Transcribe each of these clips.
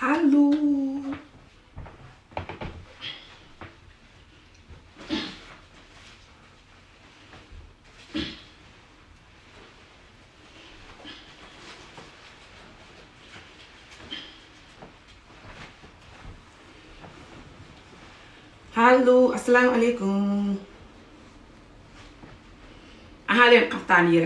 Hallo. Hallo, asalaamaaleykum. Aha leen xaftaan yi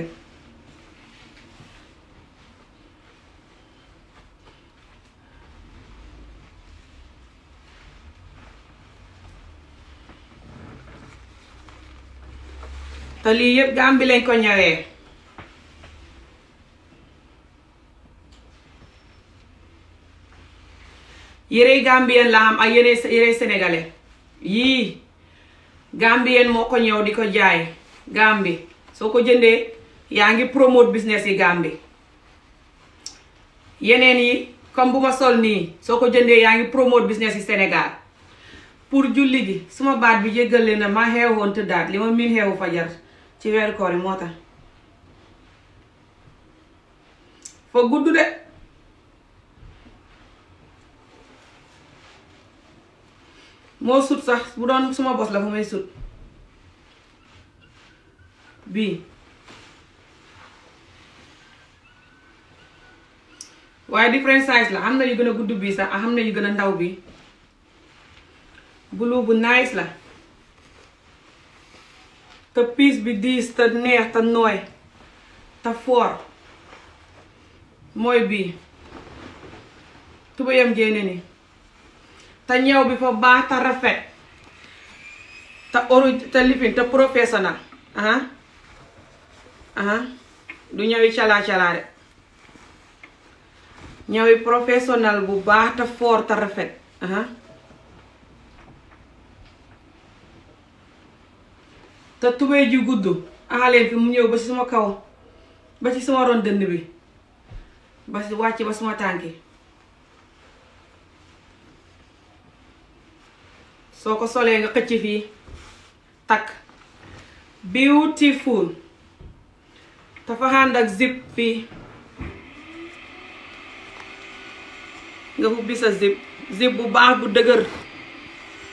te lii yëpp Gàmbi lañ ko ñawee yërey Gambien la am ak yërey yërey sénégalais yii Gambien moo ko ñëw di ko jaay Gambi soo ko jëndee yaa ngi promote business yi Gambi yeneen yi comme bu ma sol nii soo ko jëndee yaa ngi promote business yi Sénégal pour julli gi suma baat bi jéggal leen na ma xewoon tëddaat li ma miin xewu fajar ci weeru koor yi moo tax foo gudd de moo sut sax bu doon suma bos la fa may sut bii waaye different size la am na yu gën a gudd bii sax am na yu gën a ndaw bi blue bu nice la të pis bidis, të neh, të noj, të for. Moj bi. Të bëjëm gjeni ni. Të njew bi fa ba, të rafet. Të oru, të lipin, të profesional. Aha. Aha. Du ñëwi cala cala de. Ñëwi profesional bu baax, të for, të rafet. te tubéy ji gudd enleem fi mu ñëw ba ci suma kaw ba ci suma ron dënn bi ba ci wàcc ba suma tànki soo ko solee nga xëcc fii takk beautiful dafa ànd ak zip fii nga ubbi sa zip zip bu baax bu dëgër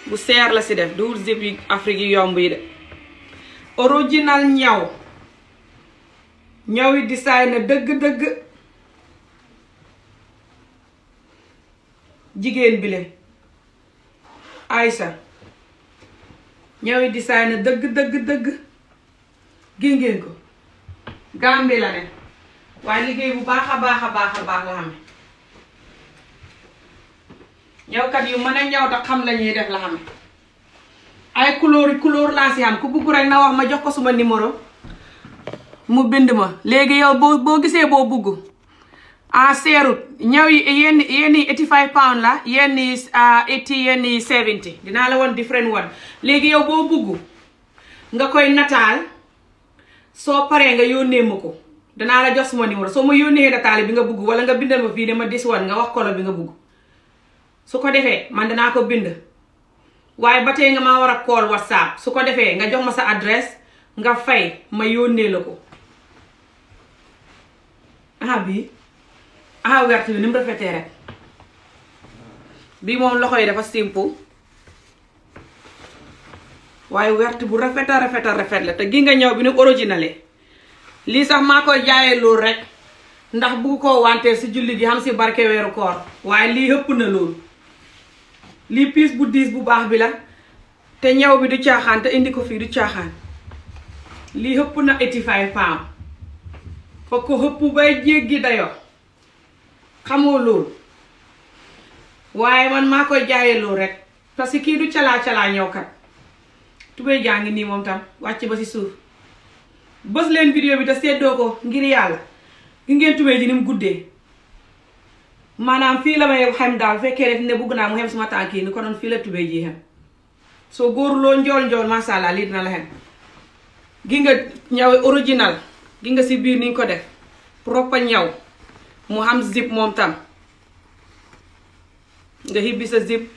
bu seer la si def duwul zip yi Afrique yi yomb yi de original ñaw ñaw yi design na dëgg-dëgg jigéen bi le Aïcha ñaw design na dëgg dëgg dëgg gis ngeen ko Gàmbi la ne waaye liggéey bu baax a baax a baax a baax la xame ñawkat yu mën a ñaw te xam la ñuy def la xame ay couleur couleur laa si am ku bugg rek na wax ma jox ko suma numéro mu bind ma léegi yow boo boo gisee boo bugg en seerut ñëw yi yenni yenn yi eighty five pound la yenn yi eighty yenn yi seventy dinaa la woon different one léegi yow boo bugg nga koy nataal soo paree nga yónnee ma ko danaa la jox suma numéro soo ma yónnee nataal bi nga bugg wala nga bindal ma fii ne ma dis nga wax kolo bi nga bugg su ko defee man danaa ko bind waaye ba tey nga ma war a call whatsapp su ko defee nga jox ma sa adresse nga fay ma yónnee la ko ah bii ah wert bi ni mu rafetee rek bii moom loxo yi dafa simple waaye wert bu rafetal rafetal rafet la te gi nga ñëw bi nu originale lii sax maa koy jaayee loolu rek ndax bu ko wantee si julli gi xam si barke weeru koor waaye lii hëpp na loolu lii piis bu diis bu baax bi la te ñaw bi du caaxaan te indi ko fii du caaxaan lii hëpp na 85 pounds fa ko hëpp bay jéggi dayoo xamoo loolu waaye man maa koy jaayee loolu rek parce que kii du calaa calaa ñëw kat tubéy jaa ngi nii moom tam wàcc ba ci suuf bës leen vidéo bi te seddoo ko ngir yàlla gi ngeen tubéy ji ni mu guddee maanaam fii la may xem daal fekkee rek ne bugg naa mu xem suma tànk ni ko noonu fii la tubéy ji xem soo góorloo njool njool masha Allah lii dina la gi nga ñaw original gi nga si biir niñ ko def proper ñaw mu am zip moom tam nga xibbi sa zip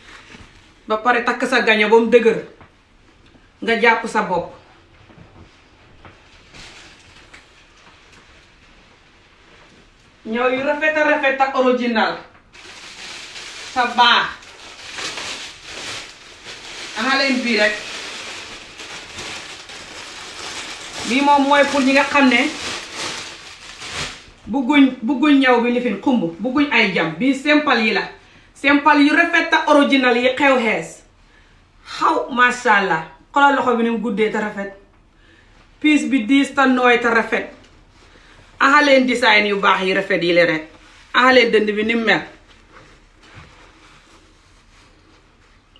ba pare takk sa gaño ba dëgër nga jàpp sa bopp ñëw yu rafet ta rafet ak original sa baax ana leen bii rek bii moom mooy pour ñi nga xam ne bugguñ bugguñ ñaw bi lifin xumb bugguñ ay jam bii simple yi la simple yu rafet a original yi xew xees xaw macha allah xoolal loxo bi ni mu guddee te rafet piis bi diis te nooy te rafet axaleen design yu baax yi rafet yi le rek axaleen dënd bi ni mu mel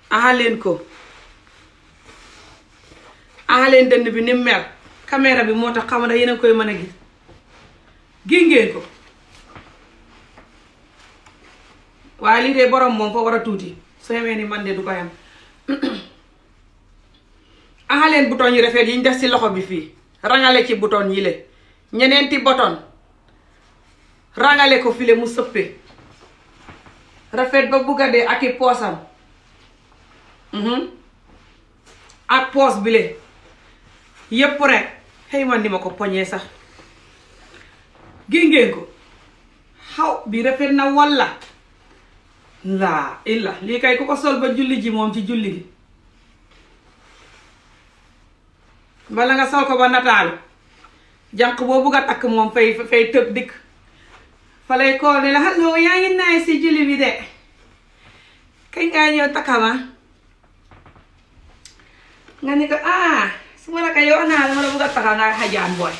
axaleen ko axaleen dënd bi ni mu mel caméra bi moo tax xam na yéen koy mën a gis gis ko waaye lii de borom moom ko war a tuuti su xamee ni man de du ko yam axaleen bouton yu rafet yi def ci loxo bi fii rangale ci bouton yi le ñeneenti boton rangale ko file mu sëppe rafet ba bugga dee ak i poosam mhm. ak poos bile yépp rek xëy man ni ma ko poñee sax géngéen ko xaw bi rafet na walla laa illa lii kay ku ko sol ba julli ji moom ci julli gi bala nga sol ko ba nataalu jànq boo bugg a takk moom fay fay tëb dikk fa lay koo ne la allo yaa ngi si julli bi de kañ ngaa ñëw takkama nga ni ko ah su ma la ko yow naa dama la bugg a takka nga xajaan booy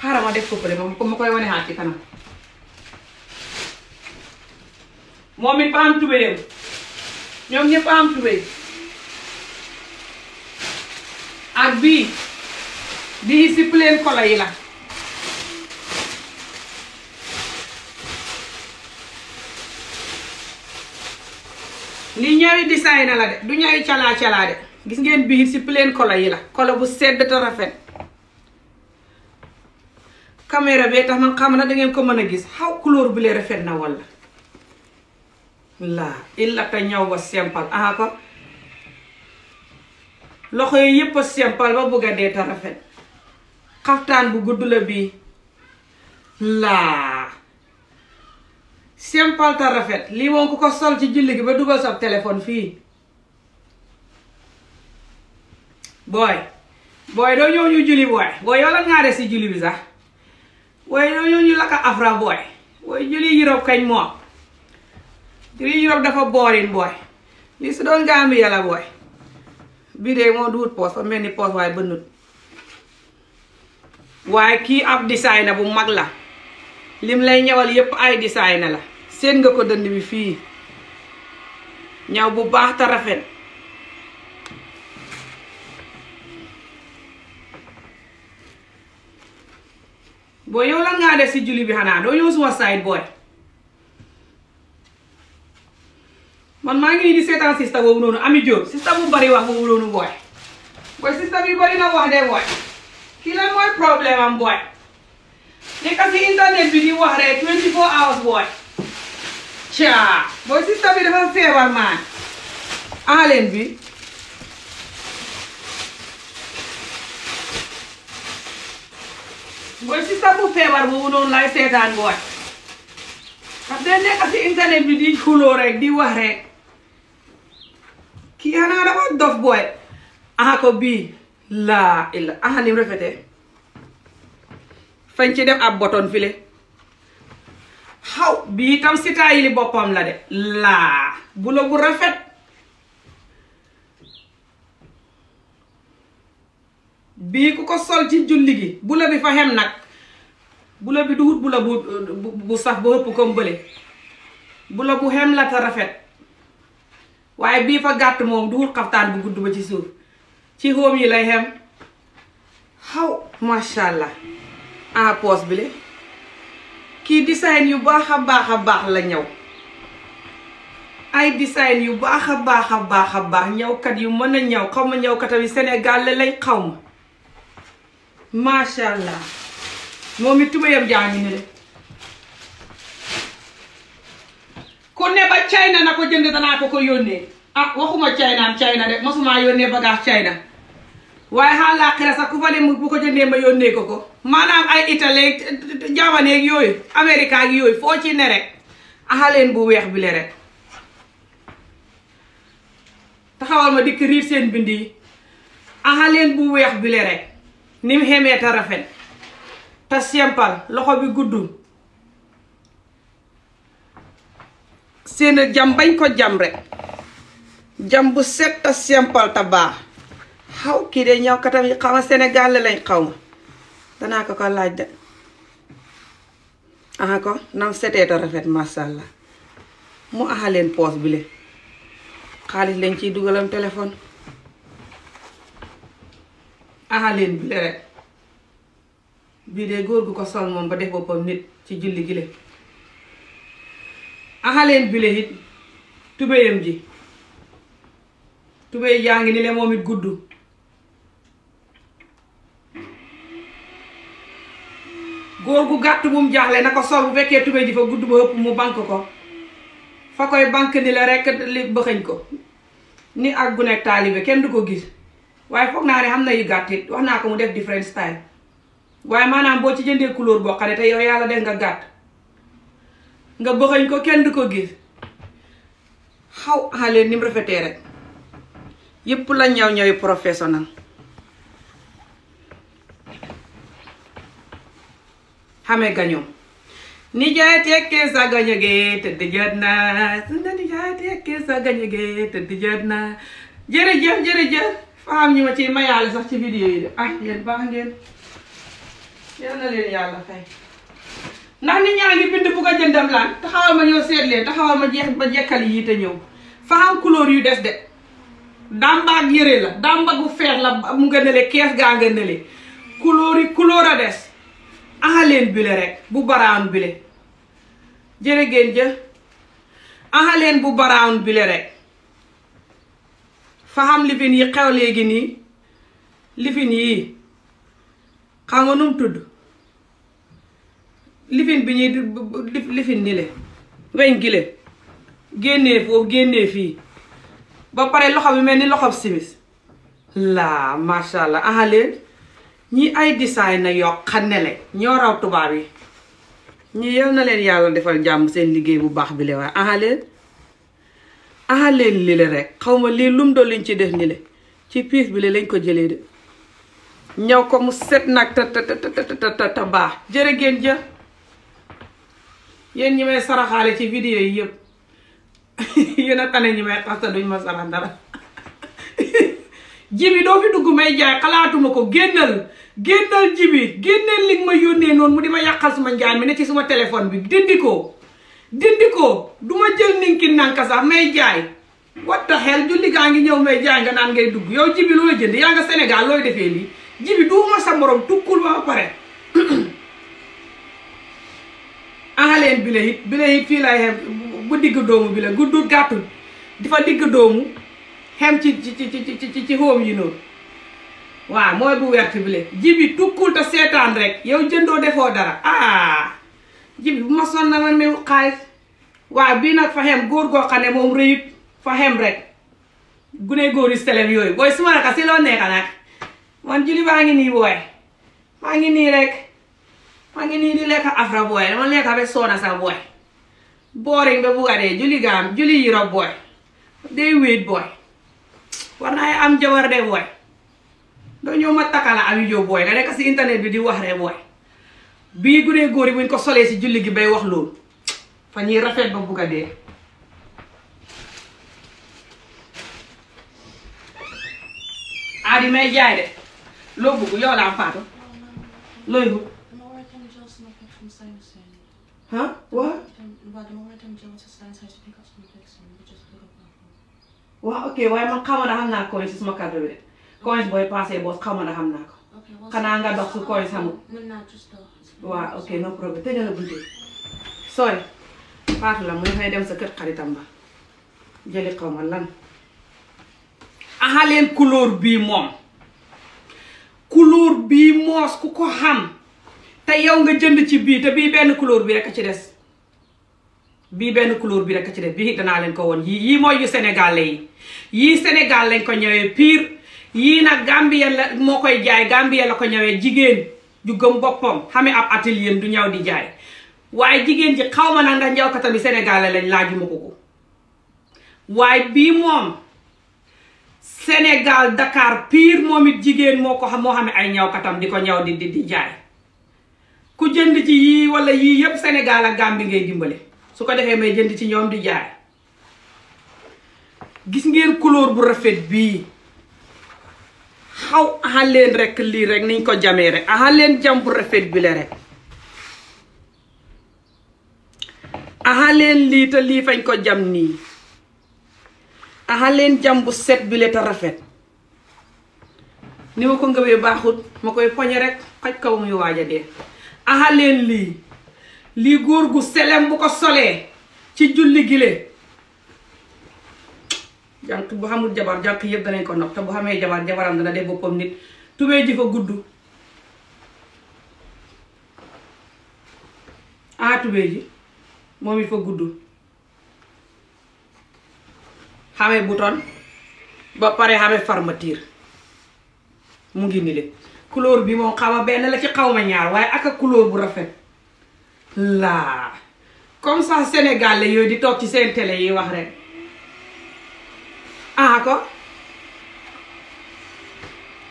xaaral ma def ko fële moom ma koy wane xaar ci kanam moom it ba am tubéyam ñoom ñëpp ba am tubéy ak lii si plain kolo yi la li ñawi design na la de du ñawi calaa calaa de gis ngeen biir si plain kolo yi la kolo bu sedd te rafet caméra bee tax man xam na dangeen ko mën a gis xaw couleur bu lee rafet na walla laa illa ñaw ba sempal aha ko loxo yépp yëpp a simple ba bugg dee te rafet xaftaan bu gudd la bii laa simple te rafet lii moom ku ko sol ci julli gi ba dugal sa téléphone fii boy booy doo ñëw ñu julli booy booy yow la ñaare si julli bi sax booy doo ñëw ñu lakka afra booy booy julli Europe kañ moom julli Europe dafa boorin booy lii su doon Gambia la booy bii de moo duut poos fa mel ni poos waaye bënnut waaye kii ab designer bu mag la lim lay ñawal yépp ay designer la seen nga ko dënd bi fii ñaw bu baax te rafet boo yow lan ngaa def ci julli bi xanaa doo ñëw suma side booy man maa ngi nii di seetaan sista boobu noonu ami jóob sista bu bari wax boobu booy booy sista bi bari na wax de booy kii lan mooy problème am booy nekk si internet bi di wax rek 24 hours booy caa booy sista bi dafa feebar maan aalen bi booy sista bu feebar boobu noonu lay seetaan booy parce que nekk si internet bi di xuloo rek di wax rek kii xanaa dafa dof booy aha laa illa ahanim rafete fañ ci def ab boton file xaw bii tam si taayili boppam la de laa bu la bu rafet bii ku ko sol ci julli gi bu la bi fa xem nag bu la bi duhut bu la bu bu saf ba ëpp comme bële bu la bu xem la te rafet waaye bii fa gàtt moom duhut xaftaan bu gudd ma ci suuf ci home yi lay xem xaw macha allah en ah, poche bi kii design yu baax a baax a baax la ñëw ay design yu baax a baax a baax a baax ñawkat yu mën a ñaw xaw ma ñawkatam yi Sénégal la lañ xaw ma macha allah moom it tubayam jaa ngi ni de ku ne ba China na ko jënd danaa ko ko yónnee ah waxuma China am China de mosuma yónnee bagage China waaye xaal laaxira sax ku fa dem bu ko jëndee ma yónnee ko ko maanaam ay Italie jamaneeg yooyu Amérique yooyu foo ci ne rek axaleen bu weex bi le rek taxawal ma dikk seen bind yi axaleen bu weex bi le rek ni te rafet te simple loxo bi guddul seen jam bañ ko jam rek jambu set ta simple ta baax xaw kii de ñaw katam yi xaw ma Sénégal lañ xaw ma danaa ko ko laaj de aha ko nam setee ta rafet masha la mu aha leen poos bi xaalis lañ ciy dugalam téléphone aha leen bi rek bii de góor gu ko sol moom ba def boppam nit ci julli gi le leen bi le tubéyam ji tubéy jaa ngi ni le moom it gudd góor gu gàtt bu mu jaaxle na ko sol bu fekkee tubéy ji fa gudd ba ëpp mu bank ko fa koy bank ni la rekk li bëxëñ ko ni ak gu nekk taalibe kenn du ko gis waaye foog naa ne xam na yu gàtt wax naa ko mu def different style waaye maanaam boo ci jëndee couleur boo xam ne te yow yàlla def nga gàtt nga bëxëñ ko kenn du ko gis xaw xale ni mu rafetee rek yëpp la ñaw ñooy professionnel xamee gañoo nijaay tekkee sa gaño gee tëdd jot na su na nijaay tekkee sa gaño gee tëdd jot na jërëjëf jërëjëf faam ñu ma ci mayaale sax ci vidéo yi de ay ah, yéen baax ngeen yal na leen yàlla fay ndax nit ñaa ngi bind bugg a jëndam laan taxawal ma ñëw seet leen taxawal ma jekkal yi te ñëw fa am yu des de dàmbaag yëre la dàmbagu feex la mu nga nele kees gaa nga nele couleur yi a des axaleen bile rek bu baraan bile jërëgéen jë axaleen bu baraan bile rek fa xam lifin yi xew léegi nii lifin yii xam tudd lifin bi ñuy lifin ni le weñ gi le génnee foofu génnee fii ba pare loxo bi mel ni loxo simis laa macha allah aha leen ñi ay design na yoo xam ne le ñoo raw tubaab yi ñi yal na leen yàlla defal jàmm seen liggéey bu baax bi le waaye aha leen aha rek xaw ma lii lum doon liñ ci def nii ci piis bi le lañ ko jëlee de ñëw ko mu set nag ta ta ta ta baax jërë ngeen jëf yéen ñi may saraxaale ci vidéo yi yëpp yéen a tane ñi may xasta duñ ma sara dara jibi doo fi dugg may jaay xalaatuma ko génnal génnal jibi génneel li ma yónnee noonu mu di ma yàqal suma njaay mi ne ci suma téléphone bi dindi ko dindi ko duma ma jël ninki nanka sax may jaay what the julli gaa ngi ñëw may jaay nga naan ngay dugg yow jibi looy jënd yaa nga Sénégal looy defee lii jibi duuma sa morom tukkul ba pare ahaleen bile it bile it fii lay bu digg doomu bi la guddul gàttul dafa digg doomu xem ci ci ci ci yi noonu waaw mooy bu wert bi la jibi tukkul te seetaan rek yow jëndoo defoo dara ah jibi bu ma sonna ma mew xaalis waaw bii nag fa xem góor goo xam ne moom rëyut fa xem rek gune góor yi selem yooyu booy suma naka si loo nekka nag man jili baa ngi nii booy maa ngi nii rek maa ngi nii di lekk afra booy dama lekk ba soona sax booy boring ba bugga dee juli gaam juli Europe boy day wéet boy war naa am jabar de boy doo ñëw ma takkala am yu booy nga nekk internet bi di wax rek booy bii gudee góor ko sole si julli gi bay wax loolu fa ñuy rafet ba bugg dee aadi may jaay de loo bugg yow laa faatu looy bugg huh waaw ok waaye man xaw ma na xam naa coins si suma carte bi de coins booy passé boos xaw ma na xam naa ko xanaa nga dox su coins xamul waaw ok no problème tëjal la bunte sooy Fatou la mu dafay dem sa kër xaritam ba jëli xaw ma lan axaleen couleur bii moom couleur bii moos ku ko xam te yow nga jënd ci bii te bii benn couleur bi rek a ci des bii benn couleur bi rek a ci des bii naa leen ko woon yii yii mooy yu sénégalais yi yii Sénégal lañ ko ñëwee pire yii nag Gambie la moo koy jaay Gambie la ko ñëwee jigéen ju gëm boppam xame ab atelier du ñaw di jaay waaye jigéen ji xaw ma nag ndax njawkatam bi Sénégal lañ laajuma ko ko waaye bii moom Sénégal Dakar pire moom it jigéen moo ko xam moo xame ay ñawkatam di ko ñaw di di jaay ku jënd ci yii wala yii yëpp Sénégal ak Gambie ngay dimbale su ko defee may jënd ci ñoom di jaay gis ngeen couleur bu rafet bii xaw axaleen rek lii rek niñ ko jamee rek leen jam bu rafet bi la rek axaleen lii te lii fañ ko jam nii axaleen jam bu set bi la te rafet ni ma ko ngëwee baaxut ma koy poñe rek xaj kaw muy waaj a dee axaleen lii lii góor gu selem bu ko solee ci julli gile jànq bu xamul jabar jànq yëpp danañ ko nopp te bu xamee jabar jabaram dana def boppam nit tubéy ji fa gudd ah tubéy moom it fa gudd xamee bouton ba pare xamee fermeture mu ngi nii de couleur bi moom xaw ma benn la ci xaw ma ñaar waaye aka couleur bu rafet laa comme ça Sénégal la di toog ci seen télé yi wax rek aha ko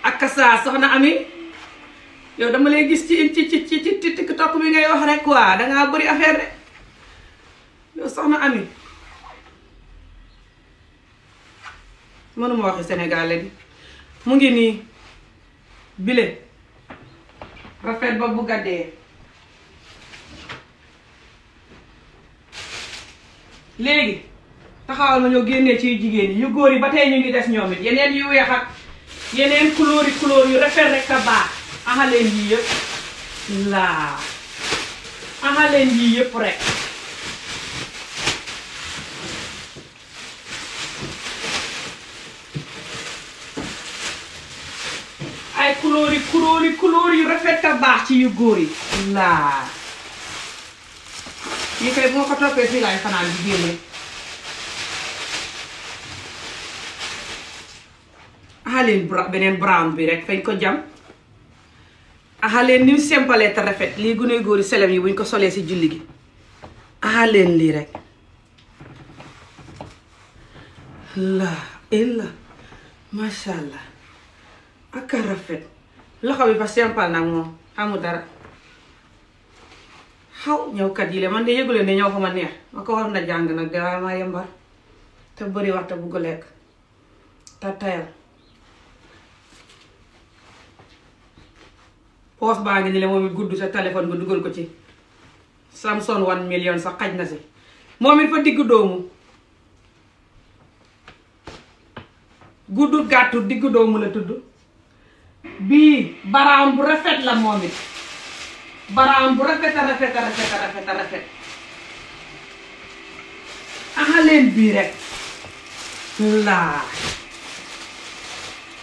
ak kasa soxna ami yow dama lay gis ci ci ci ci ci tiktok bi ngay wax rek quoi dangaa bëri affaire de yow soxna ami mënuma waxi sénégalais bi mu ngi nii bile rafet ba bu gàddee léegi taxawal ma ñoo génnee ci jigéen yi yu góor yi ba tey ñu ngi des ñoom it yeneen yu weex ak yeneen couleur yi couleur yu rafet rek a baax aha leen yii yëpp laa aha leen yii yëpp rek yi couleur yi yu rafet ci yu góor yi laa yi koy moo ko toppee fii laay fanaan bi génne naa leen brown bi rek fañ ko jam axaleen ni mu simple te rafet lii gune góor yi yi buñ ko solee si julli gi axaleen lii rek la illa masha allah aka rafet loxo bi fa simple nag moom amul dara xaw ñëwkat yi le man de yëguleen ne ñëw fa ma neex ma ko war na jàng nag de waaye yembar te bëri waxta bugg lekk te tayal poos baa ngi ni la moom it gudd sa téléphone ba dugal ko ci Samsung one million sa xaj na si moom it fa diggu doomu gudd gàttu diggu doomu la tudd bii baraam bu rafet la moom it baraam bu rafet a rafet a rafet a rafet a rafet axaleen bii rek laa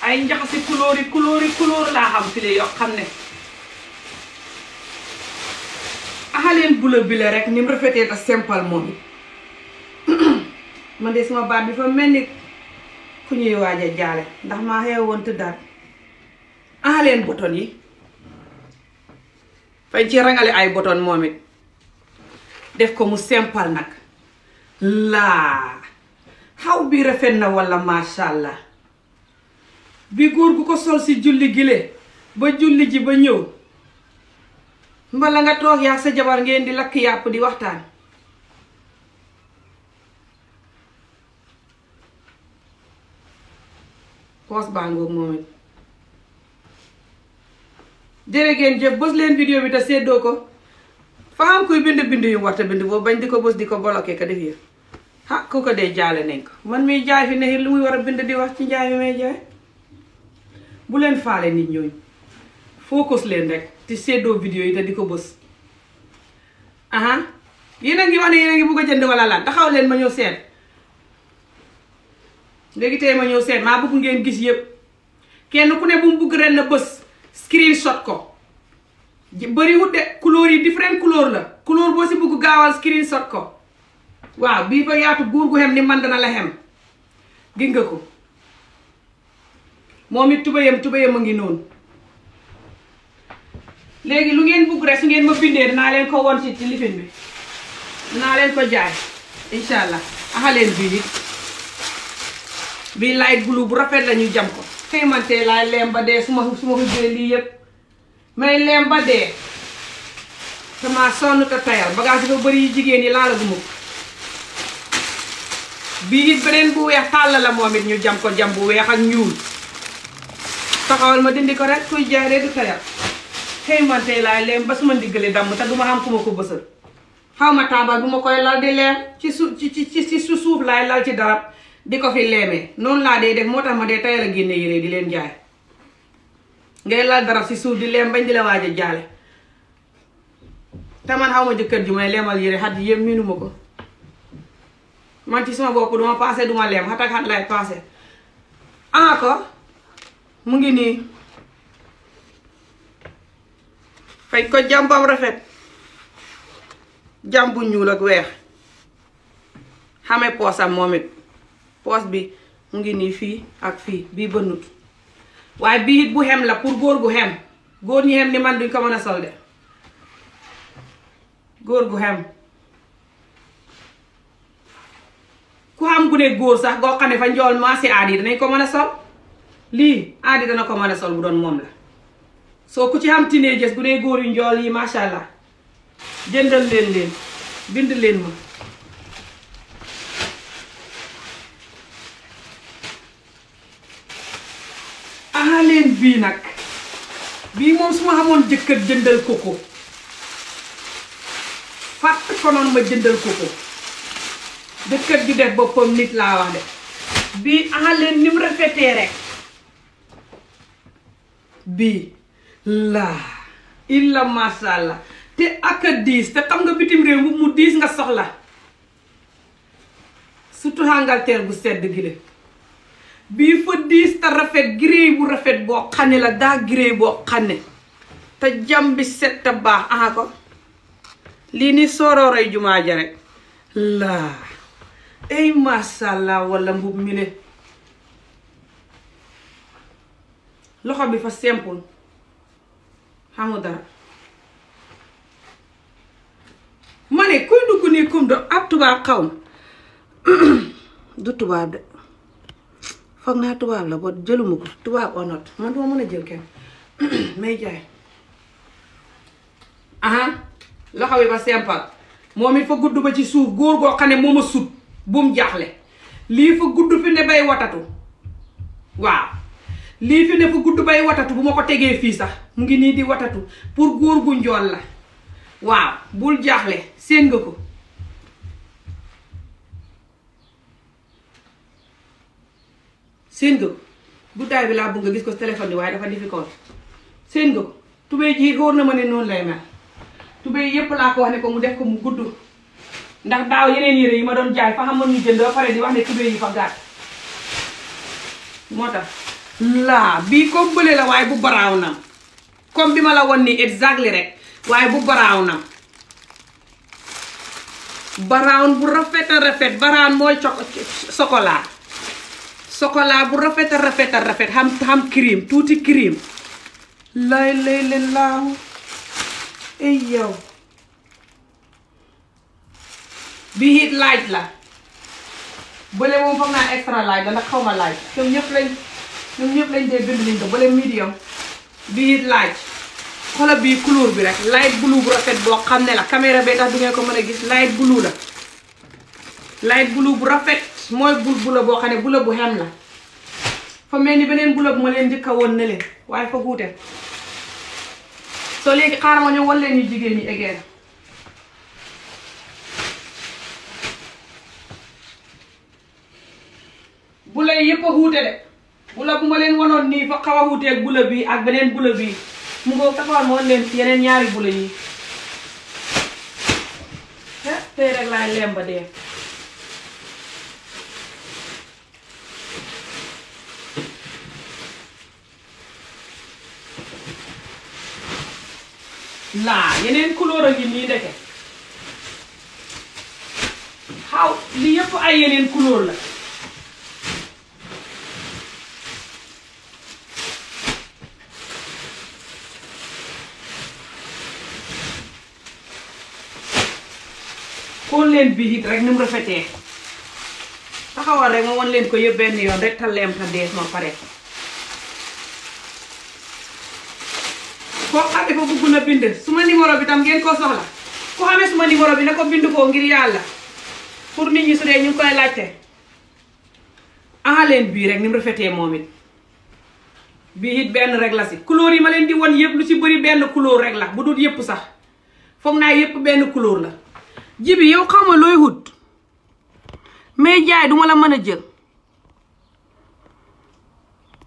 ay njaxasi couleur yi couleur yi couleur laa xam fi la yoo xam ne axaleen bula bi rek ni rafetee te sempal moom it man de sama baat bi fa mel ni ku ñuy waaj a jaale ndax maa xew woon tëddaat axaleen boton yi fañ ci rangale ay boton moom it def ko mu sempal nag laa xaw bi rafet na walla macha allah bi góor gu ko sol si julli gile ba julli ji ba ñëw mbala nga toog yaa sa jabar ngeen di lakk yàpp di waxtaan poos baa moom it jërë ngeen jëf bës leen vidéo bi te séddoo ko fa am kuy bind bind yu warta bind boobu bañ di ko bës di ko bloqué ka def yëpp ah ku ko dee jaale nañ ko man miy jaay fi ne lu muy war a bind di wax ci njaay mi may jaay bu leen faale nit ñooñu focus leen rek te seddoo vidéo yi te di ko bës aha yéen a ngi wax ne yéen a ngi bugg a jënd wala lan taxaw leen ma ñëw seet léegi tey ma ñëw seet maa bëgg ngeen gis yépp kenn ku ne bu mu bëgg ren na bës screenshot ko bëriwut de couleur yi different couleur la couleur boo si bëgg gaawal screenshot ko waaw bii ba yaatu guur gu xem ni man dana la xem gis nga ko moom it tubayam tubayam a ngi noonu léegi lu ngeen bugg rek su ngeen ma bindee dinaa leen ko won ci lifin bi dinaa leen ko jaay incha allah axaleen bii it bii light blue bu rafet lañu jam ko xëymantee laay leem ba dee su ma su ma xujjee lii yëpp may leem dee sama sonn te tayal bagage yi ko bëri jigéen yi laa la gumuk bii it beneen bu weex tàll la moom it ñu jam ko jam bu weex ak ñuul taxawal ma dindi ko rek kuy jaay rek du tayal tey man tey laay leem ba suma ndiggali damm te du ma xam ku ma ko bësal xaw ma taabal bu ma koy lal di leem ci su ci suuf laay lal ci darab di ko fi leemee noonu laa dee def moo tax ma dee tayal a génne yére di leen jaay ngay lal darab si suuf di leem bañ di la waaj a jaale te man xaw ma jëkkër ju may leemal yére xat yëpp miinu ma ko man ci sama bopp duma paase duma leem xat xat lay paase ah ko mu ngi nii fay ko jàmbam rafet jàmbu ñuul ak weex xamee poosam moom it poos bi mu ngi nii fii ak fii bii bënnut waaye bii it bu xem la pour góor gu xem góor ñi xem ni man duñ ko mën a sol de góor gu xem ku xam gu ne góor sax goo xam ne fa njool maa aadi danañ ko mën a sol lii aadi dana ko mën a sol bu doon moom la soo ku ci am teenagers bu dee góor yu njool yi macha allah jëndal leen leen bind leen ma ana leen bii nag bii moom su ma xamoon jëkkër jëndal ko ko fàtt ko ma jëndal ko ko jëkkër ju def boppam nit laa wax de bii ana leen ni rafetee rek bii laa illa macha allah te ak a diis te xam nga bitim réew bu mu diis nga soxla surtout Angleterre bu sedd gi bii fa diis te rafet gré bu rafet boo xam ne la daa gré boo xam ne te jam bi te baax aha ko lii ni soorooroy jumaa ja rek laa ay macha allah wala mbub mi ne loxo bi fa simple xamu dara ma ne kuy dugg nii kum do ab tubaab xaw ma du tubaab de foog naa tubaab la boo jëluma ko tubaab onot man duma mën a jël kenn may jaay aha loxo ba simple moom it fa gudd ba ci suuf góor goo xam ne moom a sut bum jaaxle lii fa gudd fi ne bay watatu waaw lii fi ne fu gudd bay watatu bu ma ko tegee fii sax mu ngi nii di watatu pour góor gu njool la waaw bul jaaxle seen nga ko seen nga ko guddaay bi laa bëgg nga gis ko téléphone bi waaye dafa difficile seen nga ko tubéy ji wóor na ma ne noonu lay mel tubéy yépp laa ko wax ne ko mu def ko mu gudd ndax daaw yeneen yére yi ma doon jaay fa xamoon ñu jënd ba pare di wax ne tubéy yi fa gàtt moo tax laa bii comme bële la waaye bu baraaw na comme bi ma la won nii exactly rek waaye bu baraaw na baraawn bu rafet a rafet baraawn mooy chocolat chocolat bu rafet a rafet a rafet xam xam crème tuuti crème lay lay la laaw ay bi it laaj la bële moom foog naa extra laaj la ndax xaw ma laaj ñoom ñëpp lañ ñoom ñëpp lañ dee bind nañ ko bale medium bii laaj xola bii couleur bi rek light blue bu rafet boo xam ne la caméra bee tax du ngeen ko mën a gis light blue la light blue bu rafet mooy bul bu la boo xam ne bu la bu xem la fa ni beneen bu bu ma leen njëkka woon na leen waaye fa guute soo léegi xaaral ma ñëw wan leen ñu jigéen ñi egee bu lay yëpp a wuute wula bu ma leen wanoon nii fa xaw a wuuteeg bula bi ak beneen bula bi mu ngoog taxawal ma wan leen ci yeneen ñaari bula yi tey rek laay lemba dee laa yeneen couleur a ngi nii ndeke xaw li yëpp ay yeneen couleur la xool leen bii it rek ni mu rafetee taxawal rek ma won leen ko yëpp benn yoon rek tal ta dees ma pare koo xam ne fa na bind suma numéro bi tam ngeen ko soxla ku xamee suma numéro bi ne ko bind ko ngir yàlla pour nit ñi su dee ñu ngi koy laajte aha leen bii rek ni mu rafetee moom it bii it benn rek la si couleur yi ma leen di won yëpp lu ci bari benn couleur rek la bu dul yépp sax foog naa yëpp benn couleur la jibi yow xaw ma looy wut mais jaay duma la mën a jël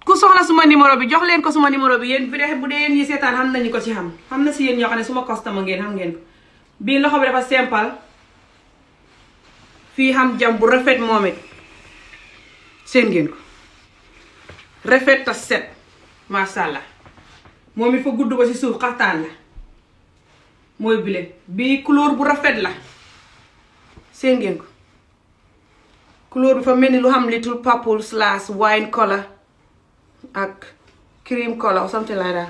ku soxla suma numéro bi jox leen ko suma numéro bi yéen bu dee bu dee yéen ñi seetaan xam nañu ko ci xam xam na si yéen ñoo xam ne suma customer ngeen xam ngeen ko bii loxo bi dafa simple fii xam jam bu rafet moom seen ngeen ko rafet ta set macha allah moom it fa gudd ba si suuf xaftaan la mooy bile bii couleur bu rafet la seen ngeen ko bi fa mel ni lu xam little purple slash wine color ak cream color or something like that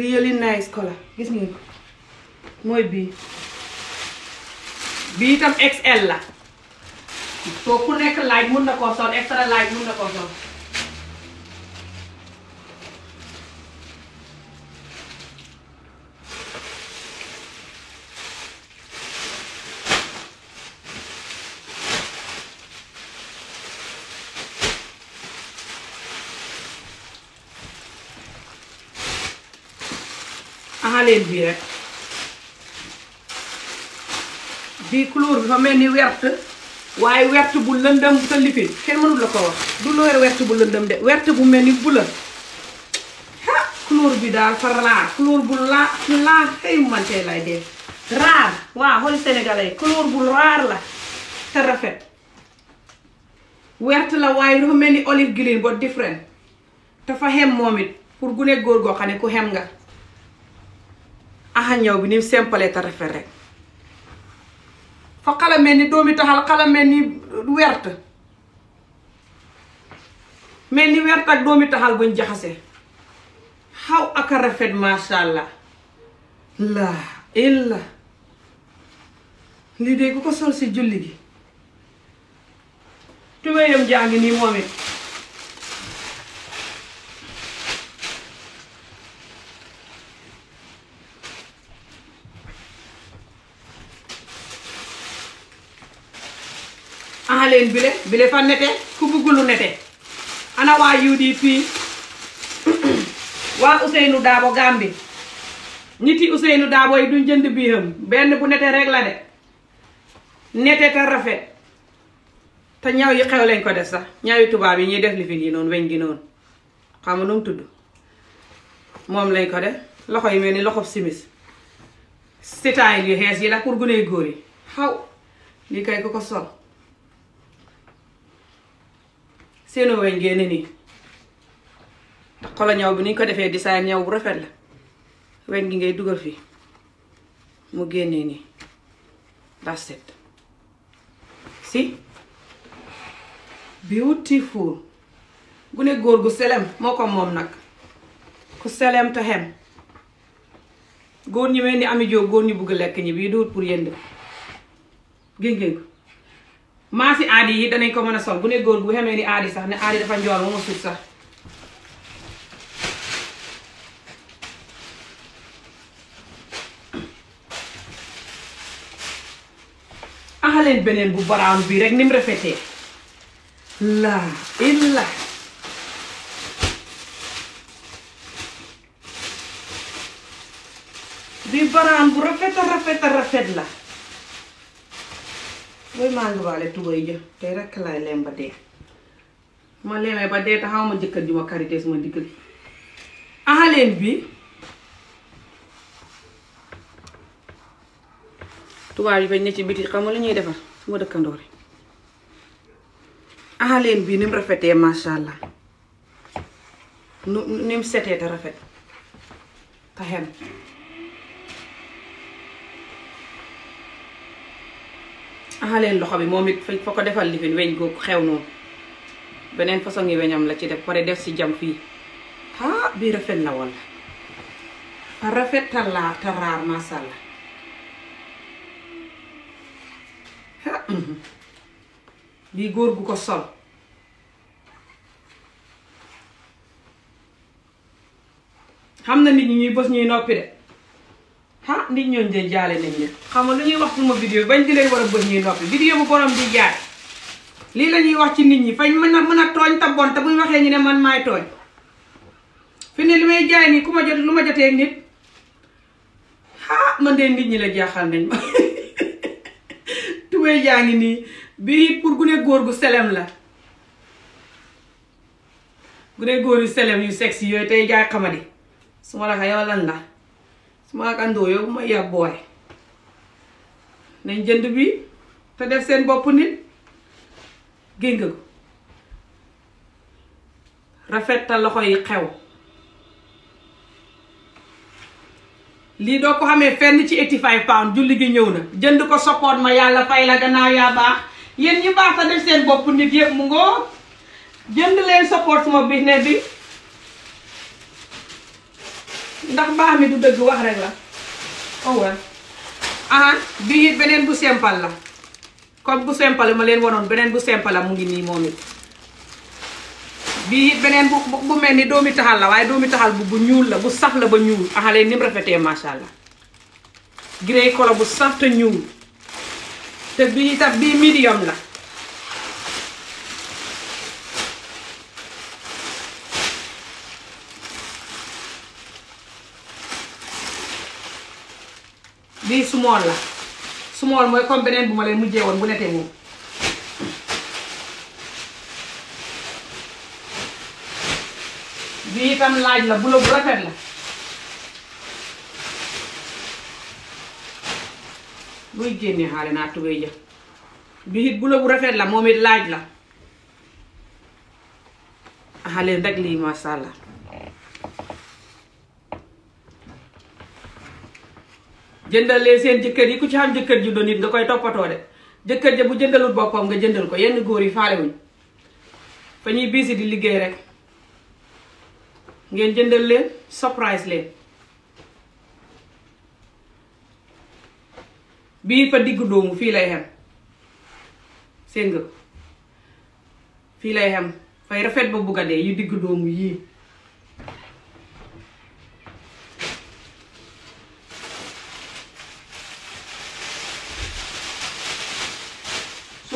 really nice color gis ngeen ko mooy bii bii itam XL la soo ku nekk light mun na koo sol extra light mun na koo sol leen bii rek bii couleur bi fa mel ni werte waaye werte bu lëndëm sa lipin kenn mënul la ko wax du loolu werte bu lëndëm de werte bu mel ni bu la ah couleur bi daal fa raar couleur bu laa laa xëy man tey lay dee raar waaw xool sénégalais couleur bu raar la te rafet werte la waaye dafa mel ni olive green ba different dafa xem moom it pour gune góor goo xam ne ku xem nga axal ñaw bi ni simple te rafet rek fa xalamee ni doomi taxal xalamee ni wert mais ni wert ak doomi taxal buñ jaxase xaw ak rafet masha allah laa lii de ku ko sol si julli gi tubéyam jaa ngi nii moom it leen bile bile fa nete ku bugg lu nete ana waa UDP waa Ousseynou Daabo Gambi ñiti Ousseynou Daabo yi duñ jënd biiram benn bu nete rek la de nete te rafet te ñaw yi xew lañ ko def sax ñaw yi tubaab yi ñuy def lifin yi noonu weñ gi noonu xam nga tudd moom lañ ko def loxo yi mel ni loxo simis sitaay yu xees yi la pour gune góor yi xaw lii kay ku ko sol seenu weñ ngeen nii xola ñaw bi ni ko defee design ñaw bu rafet la weñ gi ngay dugal fii mu génne nii that's it si beautiful gune góor gu selem moo ko moom nag ku selem te góor ñi mel ni ami jóg góor ñu bugg lekk ñi bii duut pour yënd génn génn maasi aadi yi danañ ko mën a sol bu ne góor bu xamee ni aadi sax ne aadi dafa njool ba ma suuf sax axaleen beneen bu brown bii rek ni mu rafetee laa illa bi brown bu rafeta rafeta rafet la booy màngabaale tubéy ja tey rekk laay lem ba dee ma lemee ba dee taxaw ma jëkkër ji ma karité ma diggal ahaleen bi tubaab yi bañ ne ci biti xam nga lu ñuy defar su ma dëkkandoori ahaleen bii ni rafetee masha allah nu ni mu setee te rafet te enleen loxo bi moom it fa ko defal lifin weñ googu xew noonu beneen façon ngi weñam la ci def pare def ci jam fii ah bii rafet na walla a rafet talaa taraar masàlla ah, mhm. bii góor gu ko sol xam na nit ñi ñuy bës ñuy noppi de ah nit ñooñu de jaale nañ leen xam nga lu ñuy wax suma vidéo bañ di leen war a bëgg ñuy noppi vidéo bu borom di jaay lii la ñuy wax ci nit ñi fañ mën a a tooñ ta bon te buñ waxee ñu ne man maay tooñ fi ne li may jaay nii ku ma jot lu ma jotee nit ah man de nit ñi la jaaxal nañ ma tubéy jaa ngi nii bii pour gune góor gu selem la gune góor yu selem yu sexy yooyu tey jaay xamadi su ma la ko yow lan la suma àndoo yow ma yab booy nañ jënd bi te def seen bopp nit génn ko rafet te loxo yi xew lii doo ko xamee fenn ci 85 pounds julli gi ñëw na jënd ko soppoon ma yàlla fay la gannaaw yaa baax yéen ñu baax te def seen bopp nit yëpp mu ngoo jënd leen soppoon suma business bi ndax baax mi du dëgg wax rek la owal oh aha bii it beneen bu sempal la kon bu simple ma leen wanoon beneen bu simple la mu ngi nii moom it bii it beneen bu bu mel ni doomi taxal la waaye doomi taxal bu bu ñuul la bu saf la ba ñuul aha leen ni mu rafetee macha allah grey kolo bu saf te ñuul te bii itam bii medium la lii sumool la sumool mooy comme beneen bu ma leen mujjee woon bu netee moom bii itam laaj la bulo bu rafet la buy génne xaale naa tubéy ja bii it bulo bu rafet la moom it laaj la xale rek lii masha Allah jëndalee seen jëkkër yi ku ci xam jëkkër ju doon it nga koy toppatoo de jëkkër ja bu jëndalul boppam nga jëndal ko yenn góor yi faalewuñ fa ñuy biisi di liggéey rek ngeen jëndal leen surprise leen bii fa diggu doomu fii lay xem seen nga fii lay xem fay rafet ba bugga dee yu diggu doomu yii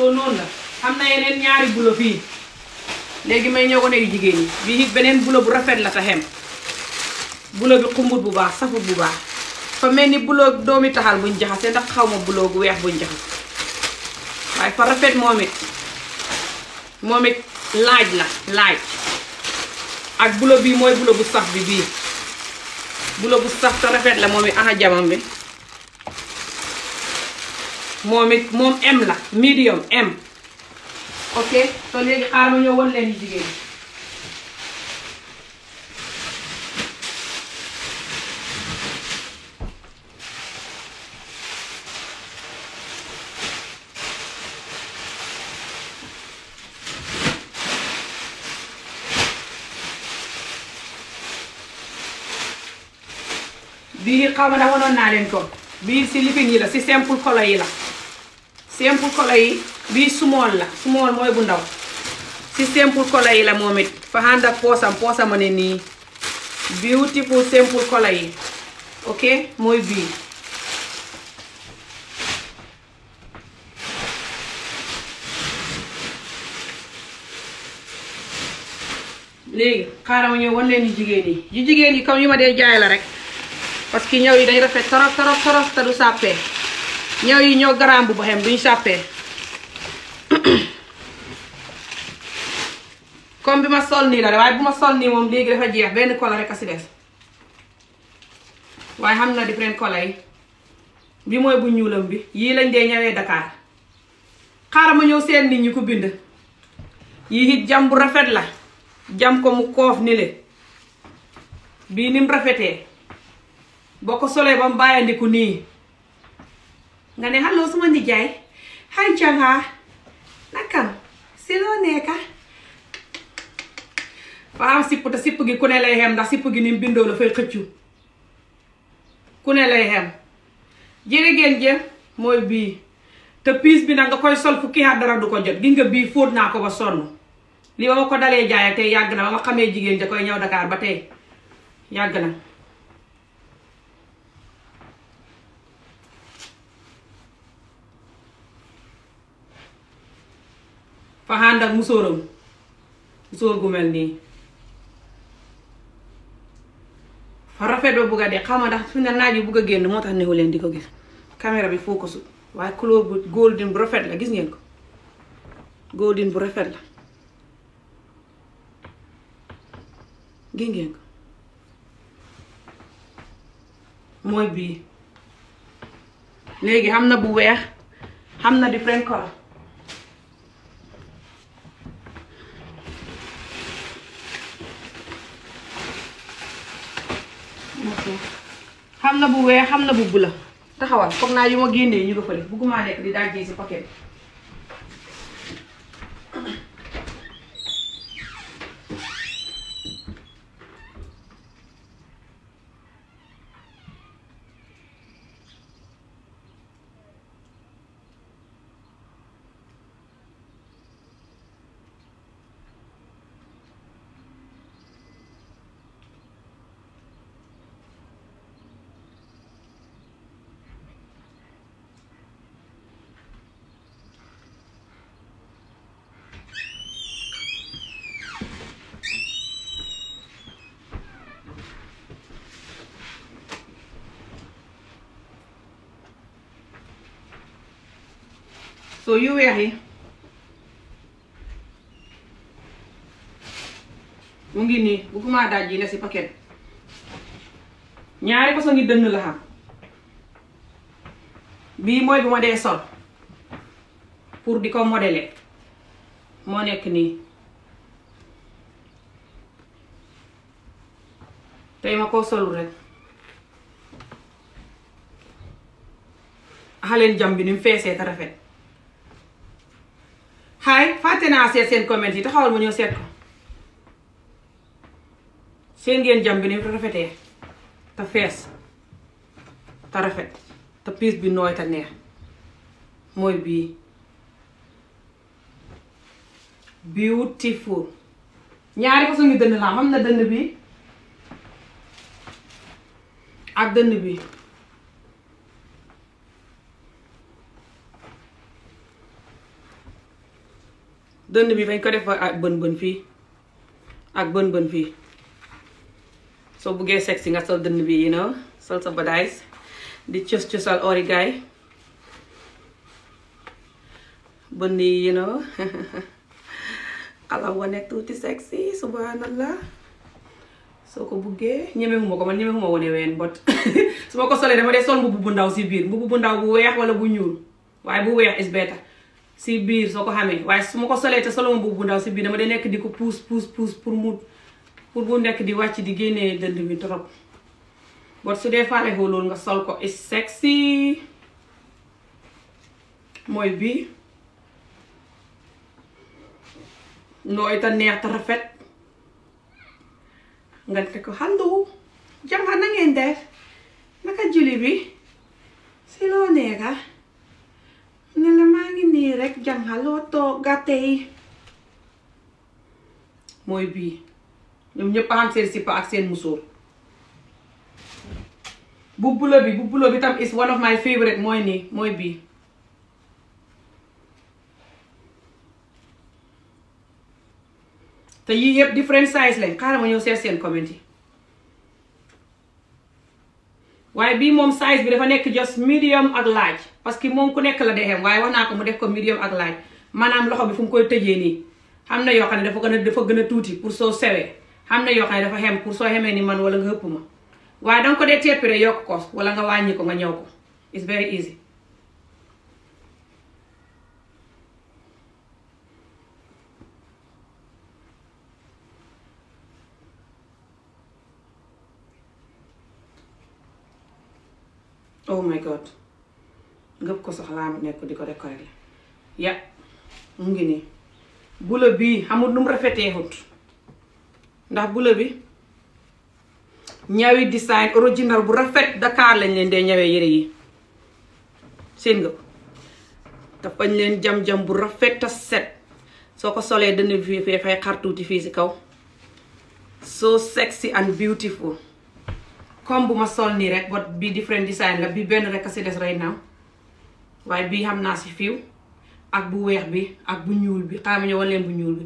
so noonu la am na yeneen ñaari bulo bii léegi may ñëw wane jigéen ñi bii it beneen bulo bu rafet la taxem bulo bi xumbut bu baax safut bu baax fa mel ni bulo doomi taxal buñ jaxase ndax xaw ma bulo bu weex buñ jaxase waaye fa rafet moom it moom it laaj la laaj ak bulo bii mooy bulo bu saf bi bii bulo bu saf te rafet la moom it ana jamam bi moom M la medium M ok so léegi xaar ma ñëw leen yi jigéen bii xaw ma da wanoon naa leen ko bii si lifin yi la si simple kolo yi la simple kolo yi bii sumool la sumool mooy bu ndaw si simple kolo yi la moom it fa ànd ak poosam poosam a ne nii beautiful simple kolo yi ok mooy bii léegi xaaral ma ñëw wan leen yu jigéen yi yu jigéen yi comme yu ma dee jaay la rek parce que ñëw yi dañ rafet torop torop torop te du sàppee ñëw yi ñoo garaam bu ba xem duñ sàppee comme bi ma sol nii la de waaye bu ma sol nii moom léegi dafa jeex benn kola rek a si des waaye xam na différent kola yi bi mooy bu ñuulam bi yii lañ dee ñëwee Dakar xaaral ma ñëw seen nit ñi ko bind yii it jam bu rafet la jam ko mu koof ni le bii ni rafetee boo ko solee ba mu bàyyandiku nii nga ne allo suma nijaay xay janga nakam si loo nekka ah? fa am sipp te sipp gi ku ne lay xem ndax sipp gi ni bindoo la fay xëccu ku ne lay xem jërëgéen jë mooy bii te bi nag nga koy sol fukki at dara du ko jot gi nga bii fóot naa ko ba sonn li ba ma ko dalee jaay ak tey yàgg na ba ma xamee jigéen da koy ñëw Dakar ba tey yàgg na fa ànd ak musóoram musóor gu mel nii fa rafet ba bugg a dee xawma ndax fi ne naaj yi bugg a génn moo tax newu leen di ko gis caméra bi foo ko su waaye couleur bu golden bu rafet la gis ngeen ko golden bu rafet la gis ngeen ko mooy bii léegi xam na bu weex xam na different color xam na bu weex xam na bu bula taxawal foog naa yu ma génnee ñu ko fële bëgguma nekk di dajjee si paquet bi so yu weex yi mu ngi nii bugguma daaj yi ne si paquet ñaari façon ngi dënn la xam bii mooy bu ma dee sol pour di ko modele moo nekk nii tey ma koo solul rek xaleen jam bi ni mu feesee te rafet fàtte naa seet seen comment yi taxawal ma ñëw seet ko seen ngeen jam bi ni rafetee te fees te rafet te piis bi nooy te neex mooy bii beautiful ñaari façon ngi dënn laa am na dënn bi ak dënn bi dënn bi bañ ko def ak bën bën fii ak bën bën fii soo buggee sexy nga sol dënn bi you know sol sa badays di cos cosal origay bën bënn yi xalam wa nekk tuuti sexy subhanallah soo ko buggee ñemewuma ko man ñemewuma wone ween bot su ma ko solee dama dee sol mbubb bu ndaw si biir mbubb bu ndaw bu weex wala bu ñuul waaye bu weex is better si biir soo ko xamee waaye su ma ko solee te solo ma bu ndaw si biir dama day nekk di ko puus puus puus pour mu pour mu nekk di wàcc di génnee dënd mi trop bot su dee faale ko loolu nga sol ko is sexy mooy bii nooy te neex te rafet nga ne ko xandu jàmm na ngeen def naka julli bi si loo neeka ah. ne la maa ngi nii rek jàngaloo toog gàtte yi eh. mooy bii ñoom ñëpp a xam seen sipa ak seen musóor bu bulo bi bu bulo bi tam is one of my favorite mooy nii mooy bii te yii yëpp different size lañ xaaral ma ñëw seet seen comment yi waaye bii moom size bi dafa nekk just medium ak large parce que moom ku nekk la dexeem waaye wax naa ko mu def ko medium ak laaj maanaam loxo bi fu mu koy tëjee nii xam na yoo xam ne dafa gën a dafa gën a tuuti pour soo sewee xam na yoo xam ne dafa xem pour soo xemee ni man wala nga ëpp ma waaye danga ko dee teppire yokk ko wala nga wàññi ko nga ñëw ko it's very easy oh my god ngëb ko sax laa nekk di ko décorer ya mu ngi nii bula bii xamul nu mu rafeteexut ndax bula bi ñawi design original bu rafet Dakar lañ leen dee ñawee yére yi seen ngëb dafañ leen jam-jam bu rafet ta set soo ko solee dana fii fee fay xar tuuti fii si kaw so sexy and beautiful comme bu ma sol nii rek bot bi different design la bi benn rek a si des right now waaye bii xam naa si fiiw ak bu weex bi ak bu ñuul bi xaaral leen bu ñuul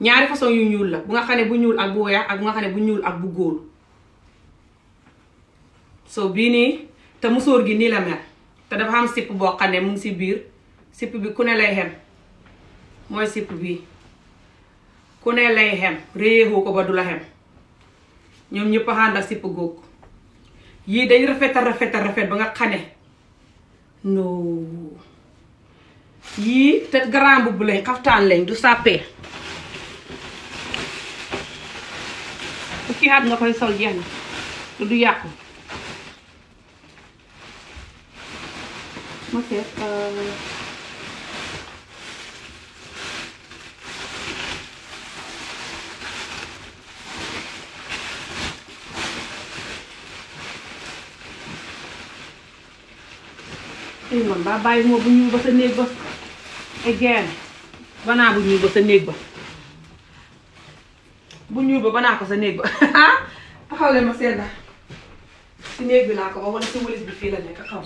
ñaari façon yu ñuul la bu nga xam ne bu ñuul ak bu ak bu bu ñuul ak bu góol so bii nii te musóor gi nii te dafa am sipp si biir sipp bi ku ne lay xem mooy sipp bii ku ne lay xem la xem ñoom ñëpp ànd ak sipp góog yii day rafeta rafeta rafet ba nga xane no yii te grand mbubb lañ xaftaan lañ du sàppee fukki at nga koy sol jeex lu du yàqu ma seet euh, i man ba moo bu ñuul ba sa néeg ba again banaa bu ñuul ba sa néeg bu ñuul ba banaa ko sa néeg ba ah? taxaw leen ma seet la si néeg bi laa ko ba wala si walis bi fii la nekk xaw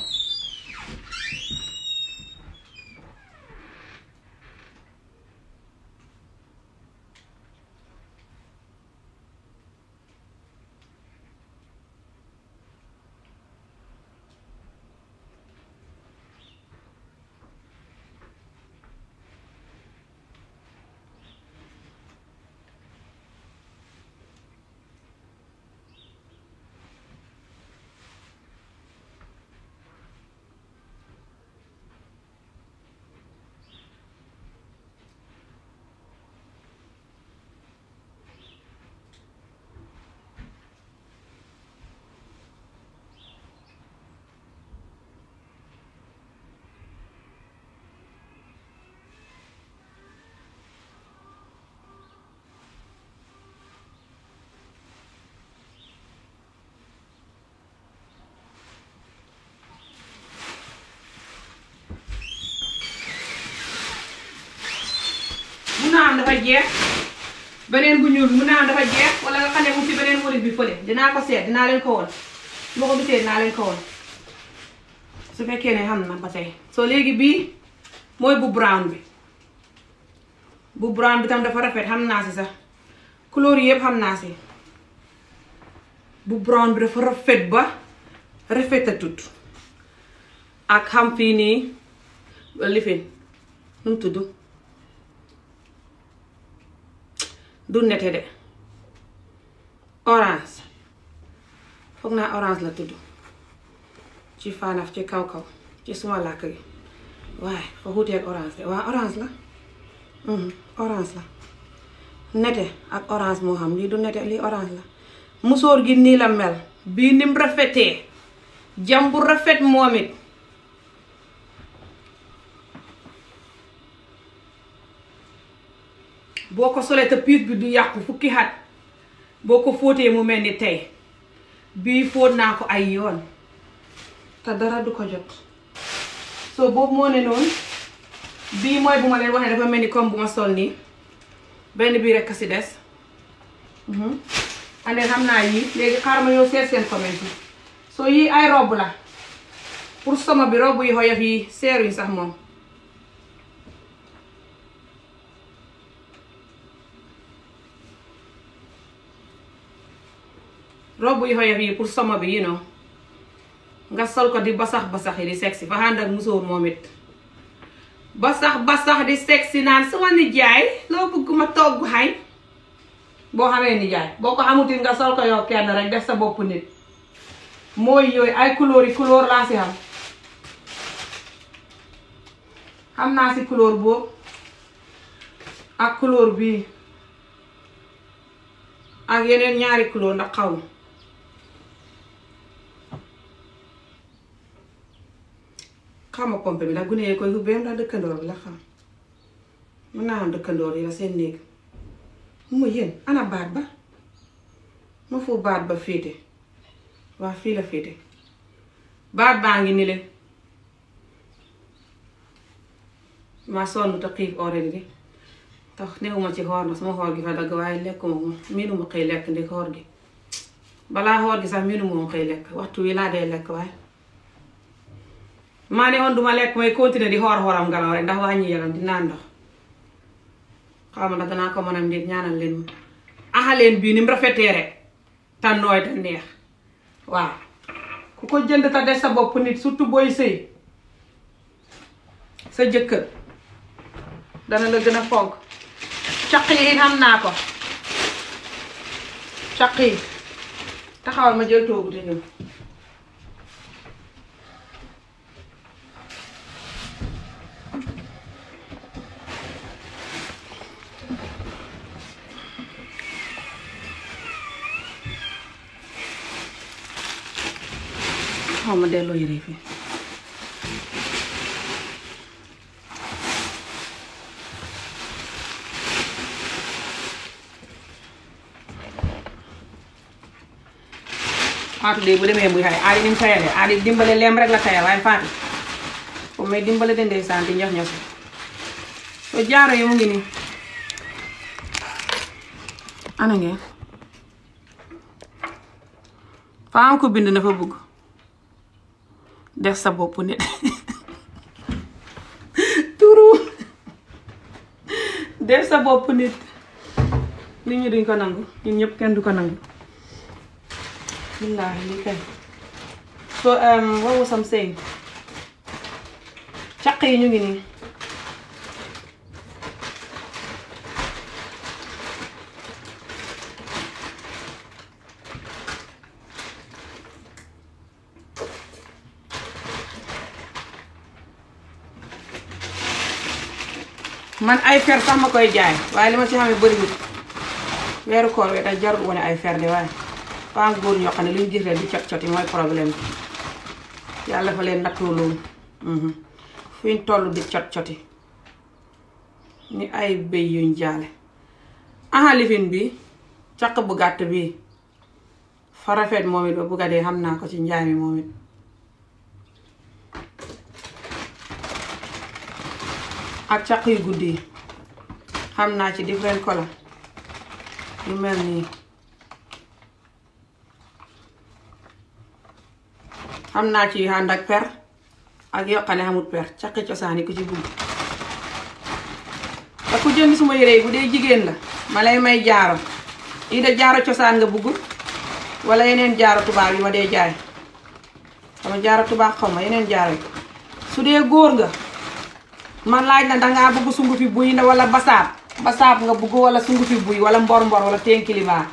dafa jeex beneen bu ñuul mu naan dafa jeex wala xam ne mu ci beneen wërib bi fële dinaa ko seet dinaa leen ko woon su ma ko gisee dinaa leen ko woon su fekkee ne xam na soo léegi bii mooy bu bi bu bi tam dafa rafet xam naa si sax couleur yëpp xam naa si bu brown bi dafa rafet ba rafetatut ak xam fii nii lifin nu tudd du nete de orange foog naa orange la tudd ci faanaaf ci kaw kaw ci suma làkk gi waaye fa xuuteeg orange de waa orange la mhm, orange la nete ak orange moo xam lii du nete lii orange la musóor gi nii la mel bii nim rafetee jam rafet moom it boo ko solee te piis bi du yàqu fukki xat boo ko fóotee mu mel ni tey bii fóot naa ko ay yoon te dara du ko jot soo boobu moo ne noonu bii mooy bu ma leen wax ne dafa mel ni comme bu ma sol nii benn bii rekk si des mhm. andeen xam naa yii léegi xaar ma ñëw seet seen comment yi soo yii ay robb la pour soma bi robb yi xoyof yi seeruñ sax moom robb yu xoyof yi pour soma bi you know nga sol ko di basax basax yi di sexy fa ànd ak musóor moom it basax basax di sexy naan sama nijaay loo bëgg ma togg xañ boo xamee nijaay boo ko xamuti nga sol ko yow kenn rek def sa bopp nit mooy yooyu ay couleur yi couleur laa si xam xam naa si couleur boobu ak couleur bii ak yeneen ñaari couleur ndax xaw ma xama pompe bi ndax gune yee koy ubbee ndax dëkkandoor bi la xam mën naa am dëkkandoor yi la seen néeg mu ma yéen ana baat ba ma fu baat ba féete waa fii la féete baat baa ngi nile ma sonn te xiif oren bi tax newuma ci xoor na sama gi fa dagg waaye lekkuma ko miinuma xëy lekk ndi xoor gi balaa xoor gi sax miinuma xëy lekk waxtu wi laa dee lekk waaye maa ne woon duma lekk may continuer di xoor xooram ngalaw rek ndax wàññi yaram dinaa ndox xaw ma ndax danaa ko mën a ndéet ñaanal leen ma bii ni mu rafetee rek te nooy te neex waaw ku ko jënd te des sa bopp nit surtout booy sëy sa jëkkër dana la gën a fonk caq yi xam naa ko caq yi taxawal ma jël toogu te xaw ma delloo yére de bu demee muy xale aadi ni mu leem rek la tayal waaye Fatou comme may dimbale de ndeysaan di njox ñoxi soo jaaro yi mu ngi nii ana ngeen faa am ko bind na fa bugg def sa bopp nit turu def sa bopp nit nit ñi duñ ko nangu ñun ñëpp du ko nangu billaahi li kay so um what was caq yi ñu ngi nii man ay fer sax ma koy jaay waaye li ma ci xamee bëriwul weeru koor wi da jarul wane ay fer de waaye faa ñoo xam ne lu ñu gis rek di cot cot mooy problème bi yàlla fa leen nattoo loolu mhm. fu ñu toll di cot cot ni ay bëy yuñ jaale aha lifin bi caq bu gàtt bi fa rafet moom it ba bugga dee xam naa ko ci njaay mi moom it ak caq yu guddi xam naa ci different color yu mel nii xam naa ci ànd ak per ak yokkane xamut per caqi cosaan yi ku ci bugg te ku jënd ma yére yi bu dee jigéen la ma lay may jaaro yi de jaaro cosaan nga bugg wala yeneen jaaro tubaab yi ma dee jaay sama jaaro tubaab xaw ma yeneen jaaro yi su dee góor nga man laaj na dangaa bëgg sungu buy na wala basaab basaab nga bëgg wala sungu fi buy wala mbor mbor wala tenkilibaa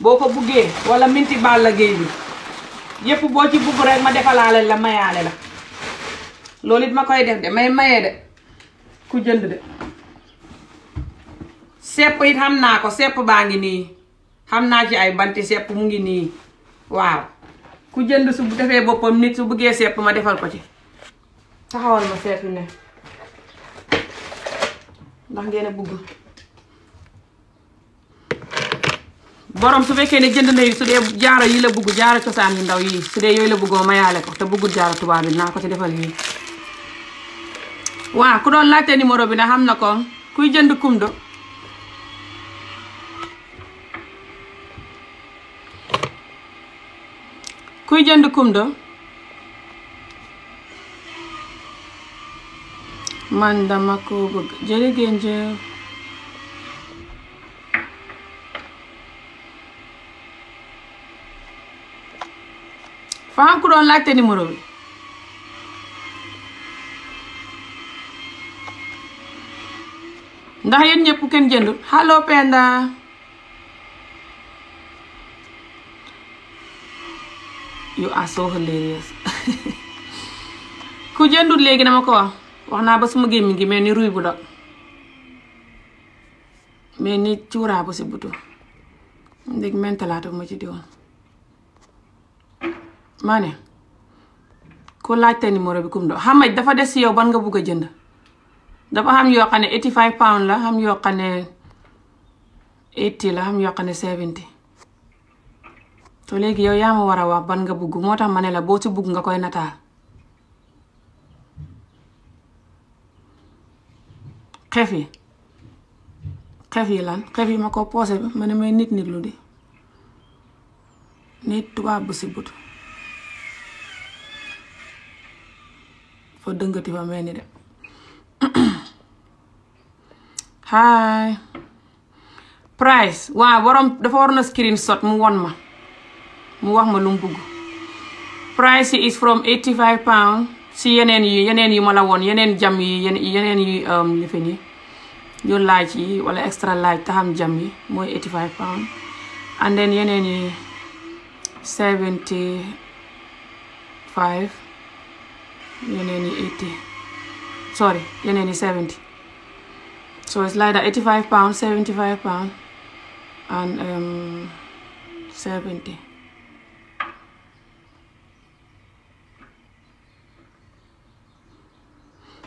boo ko buggee wala minti baal la géey bi boo ci bëgg rek ma defalaale la mayaale la loolu it ma koy def de may maye de ku jënd de sepp it xam naa ko sepp baa ngi nii xam naa ci ay banti sepp mu ngi nii waaw ku jënd su defee boppam nit su bëggee sepp ma defal ko ci taxawal ma seetlu ne ndax ngeen a bëgg borom su fekkee ne jënd na su dee jaaro yi la bëgg jaaro cosaan yi ndaw yi su dee yooyu la bëggoo mayaale ko te bëggul jaaro tubaab bi naa ko ci defal yii waaw ku doon laajte numéro bi na xam na ko kuy jënd kumdo kuy jënd kumdo man dama ko bëgg jërë ngeen jëf faam ku doon laajte numéro bi ndax yéen ñëpp kenn jëndul allo Penda you are so hilarious ku jëndul léegi dama ko wax naa ba su ma gémmiñ ngi mee ni ruy bu dog mel ni cuuraa bu si butu ndég mentalaatu ma ci diwoon maa ne ku laajte numéro bi kum do xamaj dafa des si yow ban nga bugg a jënd dafa xam yoo xam ne eighty five pound la xam yoo xam ne eighty la xam yoo xam ne seventy to léegi yow yaa mu war a wax ban nga bugg moo tax ma ne la boo si bugg nga koy nataal xef yi xef yi lan xef yi ma ko poose bi ma ne may nit nit lu di nit tubaab bu si but fa dëngati fa mel ni de hi price waaw borom dafa waroon a screenshot mu won ma mu wax ma lu mu bugg price is from 85 pound si yeneen yi yeneen yi ma la woon yeneen jam yi yeneen yi lifin yi um, jël laaj yi wala extra laaj taxam jam yi mooy 85 pound and then yeneen yi 75 yeneen yi 80 sorry yeneen yi so it's like that 85 pound 75 pound and um,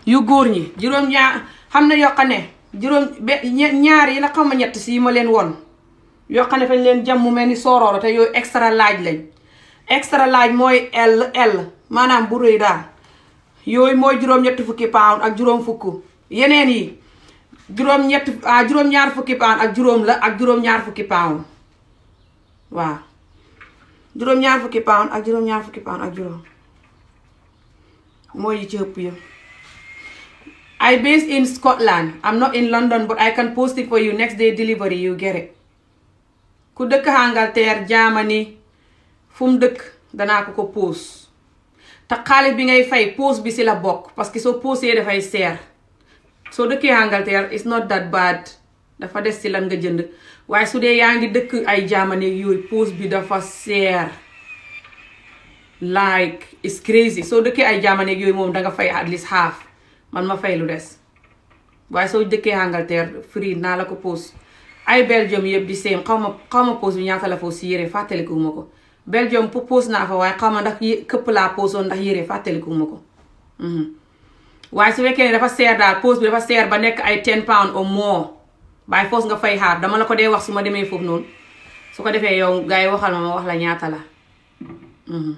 yu góor ñi juróom ñaar xam na yokka ne juróom ñaar yi na xaw ma ñett si yi ma leen won yokka xam ne fañ leen jam mu ni soorooro te yooyu extra laaj lañ extra laaj mooy L L maanaam bu rëy daal yooyu mooy juróom-ñetti fukki pound ak juróom yeneen yi juróom-ñetti ah fukki pound ak juróom la ak juróom fukki pound waaw ñaar fukki pound ak juróom-ñaar fukki pound ak juróom mooy yi ci ëpp yëpp. I based in Scotland am not in London but I can post it for you next day delivery you get ku dëkk Angleterre Germany fu mu dëkk danaa ko ko post te xaalis bi ngay fay post bi si la bokk parce que soo posté dafay seer soo dëkkee Angleterre it's not that bad dafa des si lan nga jënd waaye su dee yaa ngi dëkk ay Germany yooyu post bi dafa seer like it's crazy soo dëkkee ay Germany yooyu moom danga fay at least half man ma fay lu des waaye soo dëkkee Angleterre free naa la ko poos ay Belgium yëpp di same xaw ma xaw ma pause bi ñaata la foofu si yére fàttalikuwuma ko Belgium pause naa fa waaye xaw ma ndax këpp laa pause woon ndax yére fàttalikuwuma ko mhm. waaye su fekkee ne dafa seer daal poos bi dafa seer ba nekk ay ten pound au moins bàyyi foos nga fay xaar dama la ko dee wax su ma demee foofu noonu su ko defee yow gars yi waxal ma ma wax la ñaata la mhm.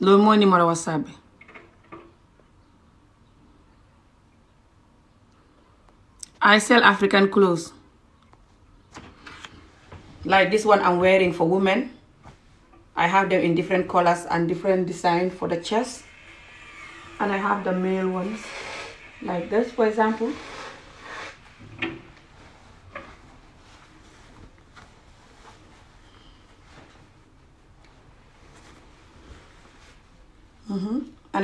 loolu mooy numéro whatsapp bi I sell African clothes like this one I'm wearing for women I have them in different colors and different design for the chest and I have the male ones like this for example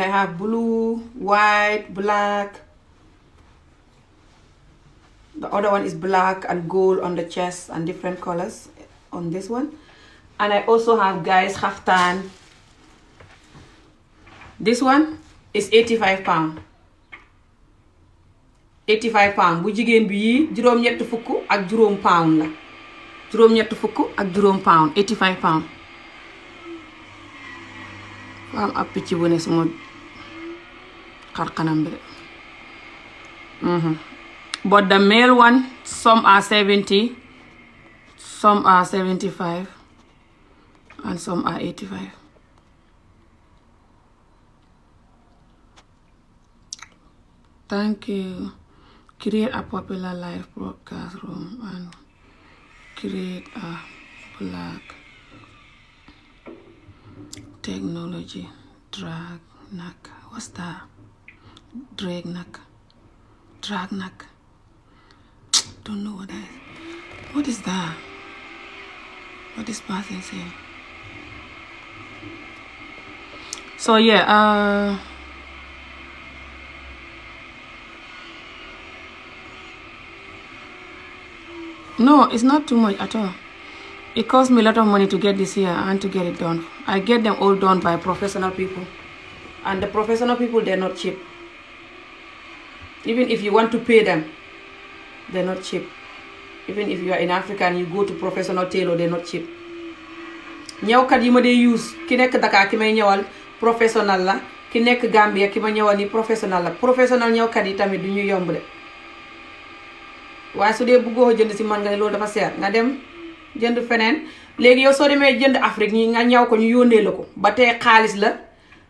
I have blue, white, black. The other one is black and gold on the chest and different colors on this one. And I also have guys haftan. This one is 85 pound. 85 pound bu jigéen bi yii juróom-ñetti fukk ak juróom pound la juróom-ñetti fukk ak juróom pound 85 pound. am ab picc bu ne suma xarxanam bi de mhm. but one some are 70 some are 75 and some are 85 thank you create a popular live broadcast room and create a black technology drag knack what's drag nag drag nag don't know what that is what is passing saying so yeah uh, no it's not too much at all it cost me a lot of money to get this here and to get it done i get them all done by professional people and the professional people they're cheap Even if you want to pay them, they're not cheap. Even if you are in Africa and you go to professional tailor, they're not cheap. ñëwkat yi ma dee use ki nekk Dakar ki may ñëwal professionnel la ki nekk Gambia ki ma ñëwal ni professionnel la professionnel ñëwkat yi tamit du ñu yomb de waaye su dee bëggoo jënd si man nga ne loolu dafa seer nga dem jënd feneen léegi yow soo demee jënd Afrique ñi nga ñaw ko ñu yónnee la ko ba tey xaalis la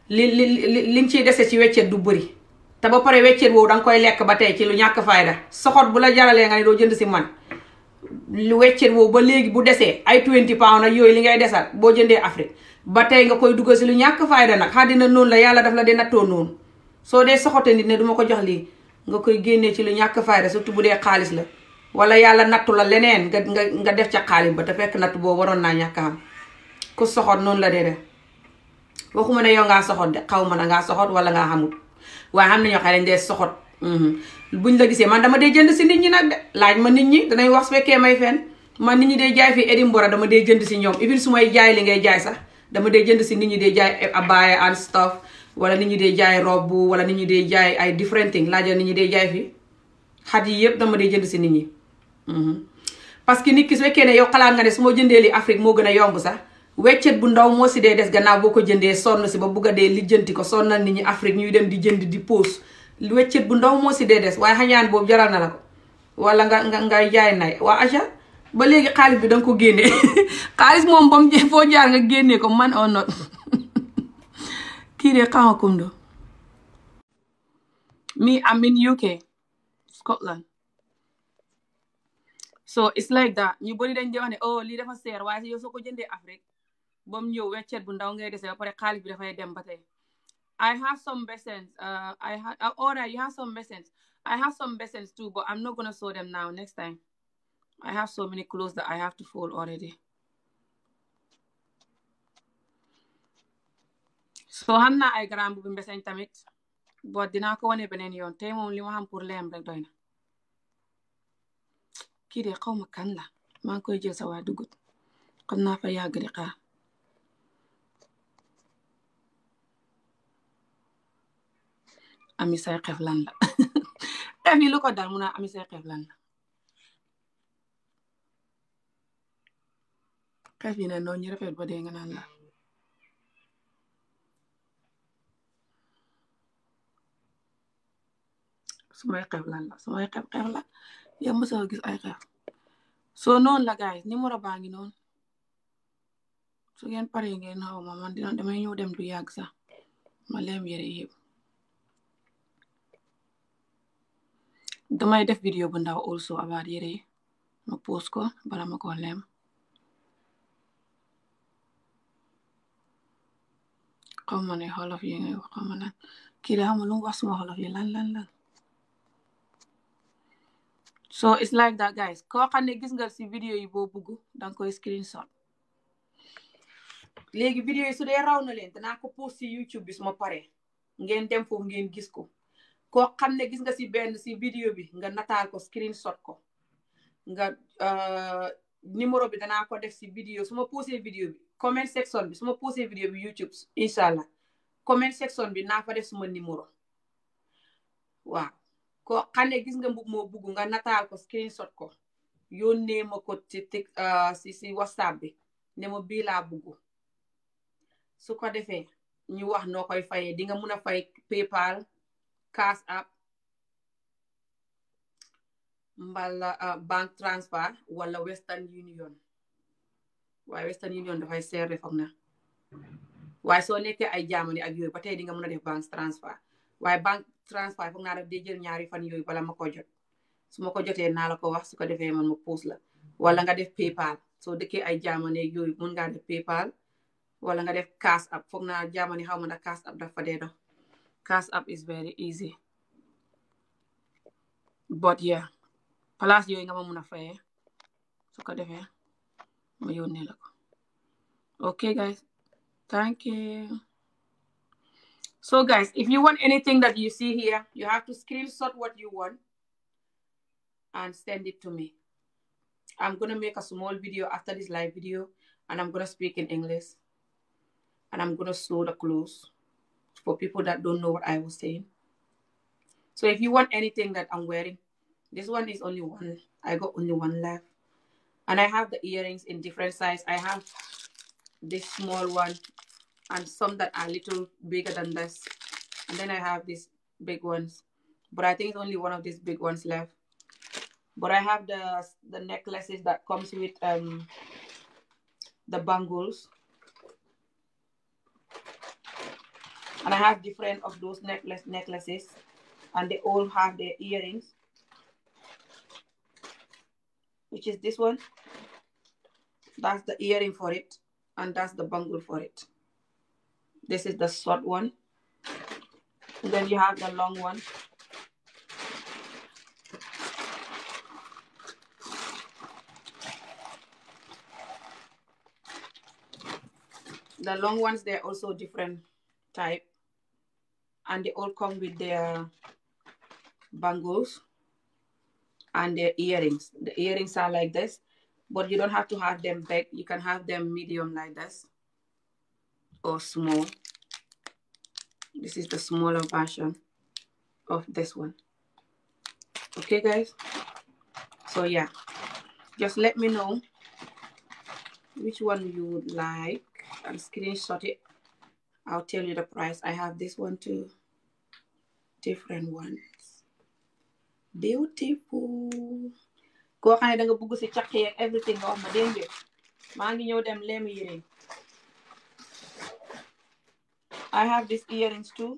li li li liñ ciy dese ci weccet du bëri te ba pare weccet woowu da nga koy lekk ba tey ci lu ñàkk fayda soxoot bu la jaralee nga ne doo jënd si man lu weccet woowu ba léegi bu desee ay 20 pounds ak yooyu li ngay desal boo jëndee Afrique ba tey nga koy dugal si lu ñàkk fayda nag xaddina noonu la yàlla daf la dee nattoo noonu soo dee soxote nit ne duma ko jox lii nga koy génnee ci lu ñàkk fayda surtout bu dee xaalis la wala yàlla nattu la leneen nga nga nga def ca xaalis ba te fekk natt boobu waroon naa ñàkk am ku noonu la dee def waxuma ne yow ngaa soxot de xaw ma na ngaa soxot wala ngaa xamut waaye xam nañoo xam ne day soxot mhm. ñu la gisee man dama dee jënd si nit ñi nag de laaj ma nit ñi danañ wax su fekkee may fenn man nit ñi day jaay fii Edinburgh dama dee jënd si ñoom even su may jaay li ngay jaay sax dama dee jënd si nit ñi dee jaay abaya and stuff wala nit ñi dee jaay robb wala nit ñi dee jaay ay different thing laajal nit ñi jaay fii xat yi yëpp dama dee jënd si nit ñi mhm. parce que nit ki su fekkee ne yow xalaat nga ne su ma jëndee li Afrique moo gën a yomb sax weccet bu ndaw moo si dee des gannaaw boo ko jëndee sonn si ba bugg a dee lijjanti ko sonnal ni ñu Afrique ñuy dem di jënd di poos weccet bu ndaw moo si dee des waaye xañaan boobu jaral na la ko wala nga nga nga jaay nay waa Aja ba léegi xaalis bi danga ko génnee xaalis moom ba foo jaar nga génnee ko man on not kii de xama kumdo me I'm in UK Scotland so it's like that ñu bëri dañ dee oh, lii dafa seer waaye yow soo ko jëndee Afrique ba mu ñëw weccet bu ndaw ngay dese ba pare xaalis bi dafay dem ba tey I have some lessons uh, I had uh, have some lessons too but I'm not gonna sew them now next time I have so many clothes that I have to fold already so xam naa ay grand bu mbeseñ tamit but dinaa ko wane beneen yoon te moom li ma xam pour leem rek doy kii de xaw ma kan la maa ngi koy jël sa waa xam naa fa yàgg di ami say xef la xef yi lu ko dal mu naa ami say xef la xef yi ne noonu ñu rafet ba denga nga naan la sumay xef lan la sumay xef xef la yow gis ay xef soo noon la gaay numéro baa ngi noonu su ngeen pare ngeen xaw ma man dina damay dem du yàgg sax ma leem yére yëpp damay def video bu ndaw also about yére yi ma ko bala ma ko leem xaw ma ne xolof yi ngay wax xaw ma kii la xamul lu wax suma xolof yi lan lan lan so it's like that guys koo xam ne gis nga si video yi boo bugg danga koy screenshot léegi video yi su de raw na leen danaa ko si YouTube bi suma pare ngeen dem foofu ngeen gis ko koo xam ne gis nga si benn si vidéo bi nga nataal ko screenshot ko nga euh, numéro bi danaa ko def si vidéo su ma posté vidéo bi comment section bi su ma posté vidéo bi YouTube incha allah comment section bi naa fa def suma numéro waaw koo xam ne gis nga mbub moo bugg nga nataal ko screenshot ko yónnee ma ko ci euh, si si whatsapp bi ne ma bii laa bugg su ko defee ñu wax noo koy fayee di nga mun a fay PayPal cash app mbala uh, bank transfer wala western union waaye western union dafay seer de na waaye soo nekkee ay jaamani ak yooyu ba tey di nga mën a def bank transfer waaye bank transfer foog naa def dee jël ñaari fan yooyu bala ma ko jot su ma ko jotee naa la ko wax su ko defee man ma puus la wala nga def paypal soo dëkkee ay jaamani yooyu mën ngaa def paypal wala nga def cash app foog naa jaamani xaw ma na cash app dafa dee dox cash app is very easy but yeah place yooyu nga ma mun a fayee su ko defee ma yónnee la ko ok guys thank you so guys if you want anything that you see here you have to screenshot what you want and send it to me I'm gonna make a small video after this live video and I'm gonna speak in English and I'm gonna show the clothes for people that don't know what I was saying. So if you want anything that I'm wearing, this one is only one. I got only one left. And I have the earrings in different size. I have this small one and some that are little bigger than this. And then I have these big ones. But I think it's only one of these big ones left. But I have the necklaces that comes with um, the bangles and I have different of those necklace and they all have their earrings which is this one that's the earring for it and that's the bangle for it this is the short one then you have the long one the long also different type and they all come with their bangles and their earrings. The earrings are like this, but you don't have to have them big. You can have them medium like this or small. This is the smaller version of this one. Okay, guys? So, yeah. Just let me know which one you would like and screenshot it. I'll tell you the price. I have this one too. different ones beautiful koo xam ne da nga bugg si caq yeeg everything nga wax ma dégg nga maa ngi ñëw dem leemu yére I have these earrings too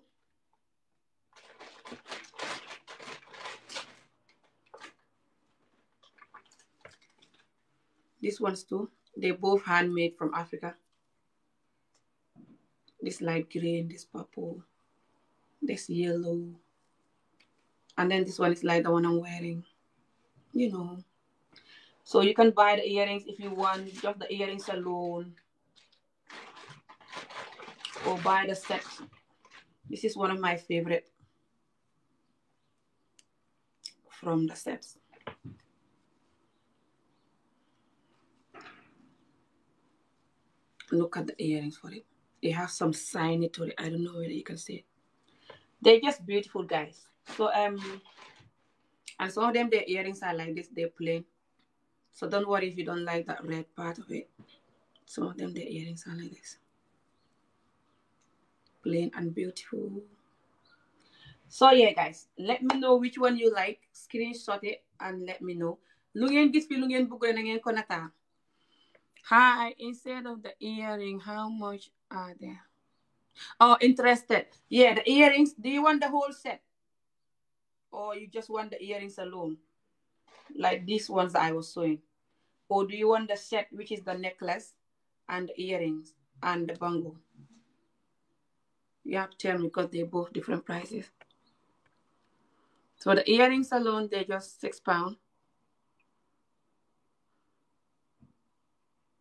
these ones too they both handmade from Africa this green this purple this yellow. And then this one is like the one I'm wearing, you know. So you can buy the earrings if you want, just the earrings alone. Or buy the set. This is one of my favorite from the sets. Look at the earrings for it. It has some shiny I don't know whether you can see they're just beautiful guys. So um, and some of them their earrings are like this, they're plain. So don't worry if you don't like that red part of it. Some of them their earrings are like this, plain and beautiful. So yeah, guys, let me know which one you like. Screenshot it and let me know. Lu ngeen gis bi lu ngeen bëgg na ngeen ko nataal. instead of the earring, how much are there? Oh, interested. Yeah, the earrings. Do you want the whole set? Or you just want the earrings alone? Like these ones I was sewing. Or do you want the set, which is the necklace and the earrings and the bangle? You have tell me because they're both different prices. So the earrings alone, they're just six pounds.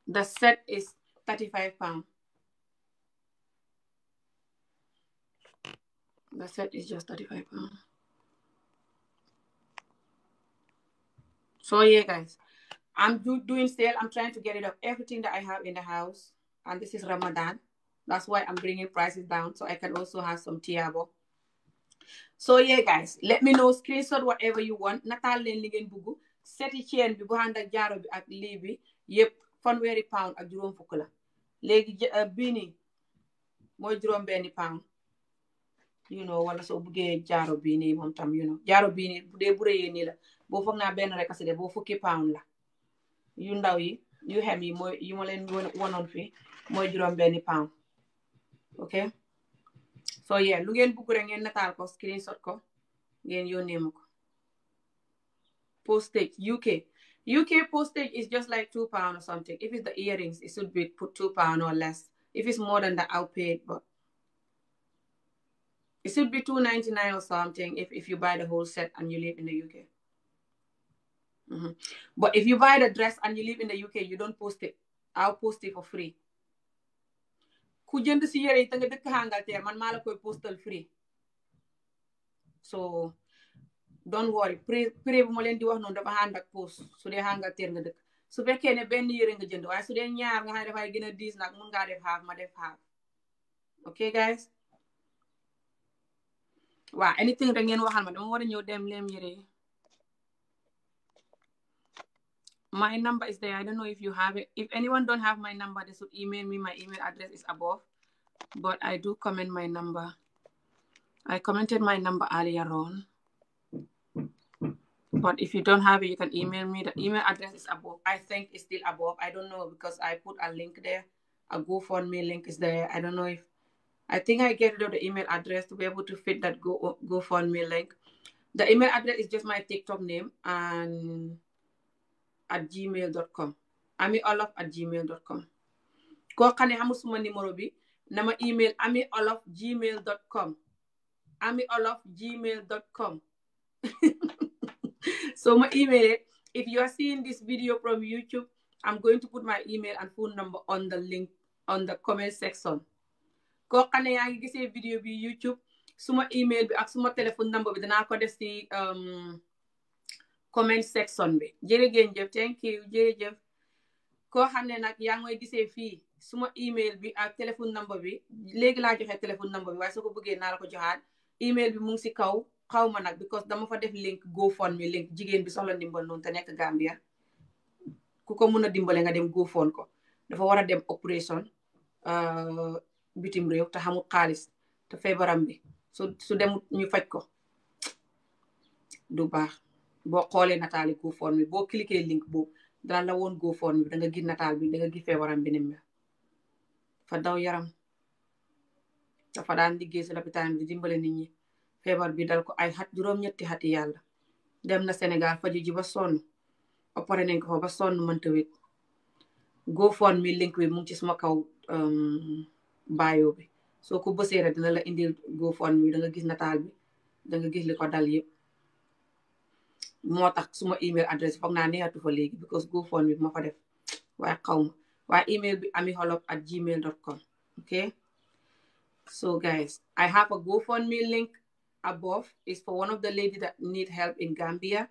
The set is 35 pounds. So yeah, guys, I'm do doing sale. I'm trying to get rid of everything that I have in the house. And this is Ramadan. That's why I'm bringing prices down so I can also have some tiabo. So yeah, let me know. Screenshot whatever you want. Natal leen li ngeen bugg seti chain bi bu ànd ak jaaro bi ak lii bi yëpp fanweeri pound ak juróom fukk la léegi euh, bii nii mooy juróom benni pound you know wala soo buggee jaaro bii nii tam you know jaaro bii bu dee bu rëyee nii la boo foog naa benn rek asi de boo fukki pound la yu ndaw yi yu xem yi mooy yi ma leen wonoon fii mooy juróom benni pound ok soo yee lu ngeen bugg ngeen nataal ko screenshot ko ngeen yónnee ma ko postage UK UK postage is just like two pound or something if it's the earrings it should be put two pound or less if it's more than that I'll it should be two ninety nine or something if if you buy the whole set and you live in the UK. Mm-hmm. But if you buy the dress and you live in the UK you don't post it I'll post it for free. ku jënd si yére yi te nga dëkk Angleterre man maa la koy postal free. so don't worry prix prix bu ma leen di wax noonu dafa ànd ak post su dee Angleterre nga dëkk su fekkee ne benn yére nga jënd waaye su dee ñaar nga xam ne dafay gën a diis nag mun ngaa def half ma def half ok waaw anything rek ngeen waxal ma dama war a ñëw dem my number is there I don't know if you have it if anyone don't have my number they should email me my email address is above but I do comment my number I commented my number earlier on but if you don't have it you can email me the email address is above I think it's still above I don't know because I put a link there a GoFundMe link is there I don't know if I think I get rid of the email address to be able to fit that Go GoFundMe link. The email address is just my TikTok name and at gmail.com. amiolof at gmail.com. koo xam ne xamul suma numéro bi na ma email amiolof gmail.com amiolof gmail.com so ma email it if you are seeing this video from YouTube I'm going to put my email and phone number on the link on the comment section. koo xam ne yaa ngi gisee vidéo bi YouTube suma email bi ak suma téléphone number bi danaa ko def si um, comment section bi jërëgéen jëf thank you jërëjëf koo xam ne nag yaa ngoy gisee fii suma email bi ak téléphone number bi léegi laa joxe téléphone number bi waaye so ko bëggee naa la ko joxaat email bi mu si kaw xaw ma nag because dama fa def link GoFundMe link jigéen bi soxla ndimbal noonu te nekk Gambia ku ko mun a dimbale nga dem GoFundMe ko dafa bitim réew te xamul xaalis te feebaram bi su su demut ñu faj ko du baax boo xoolee nataali GoFundMe boo cliquer link boobu daal la woon GoFundMe bi da nga gis nataal bi da nga gis feebaram bi nim la fa daw yaram dafa daan liggéey si lopitaan bi di dimbale nit ñi feebar bi dal ko ay xat juróom-ñetti xati yàlla dem na Sénégal faju ji ba sonn opéré nañ ko fa ba sonn mënta wéet GoFundMe link bi mu ci suma kaw um, bio bi soo ko bësee rek dina la indil GoFundMe da nga gis nataal bi danga gis li ko dal yëpp moo tax suma email adresse foog naa neexatu fa léegi because GoFundMe bi ma ko def waaye xaw ma waaye email bi ami xolof at gmail dot com ok so guys I have a GoFundMe link above is for one of the lady that need help in Gambia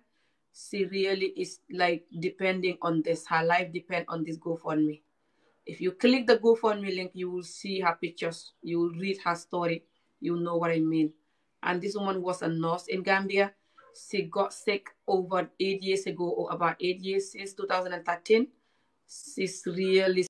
she really is like depending on this her life depend on this GoFundMe If you click the GoFundMe link, you will see her pictures. You will read her story. You know what I mean. And this woman was a nurse in Gambia. She got sick over eight years ago, or about eight years since 2013. She's really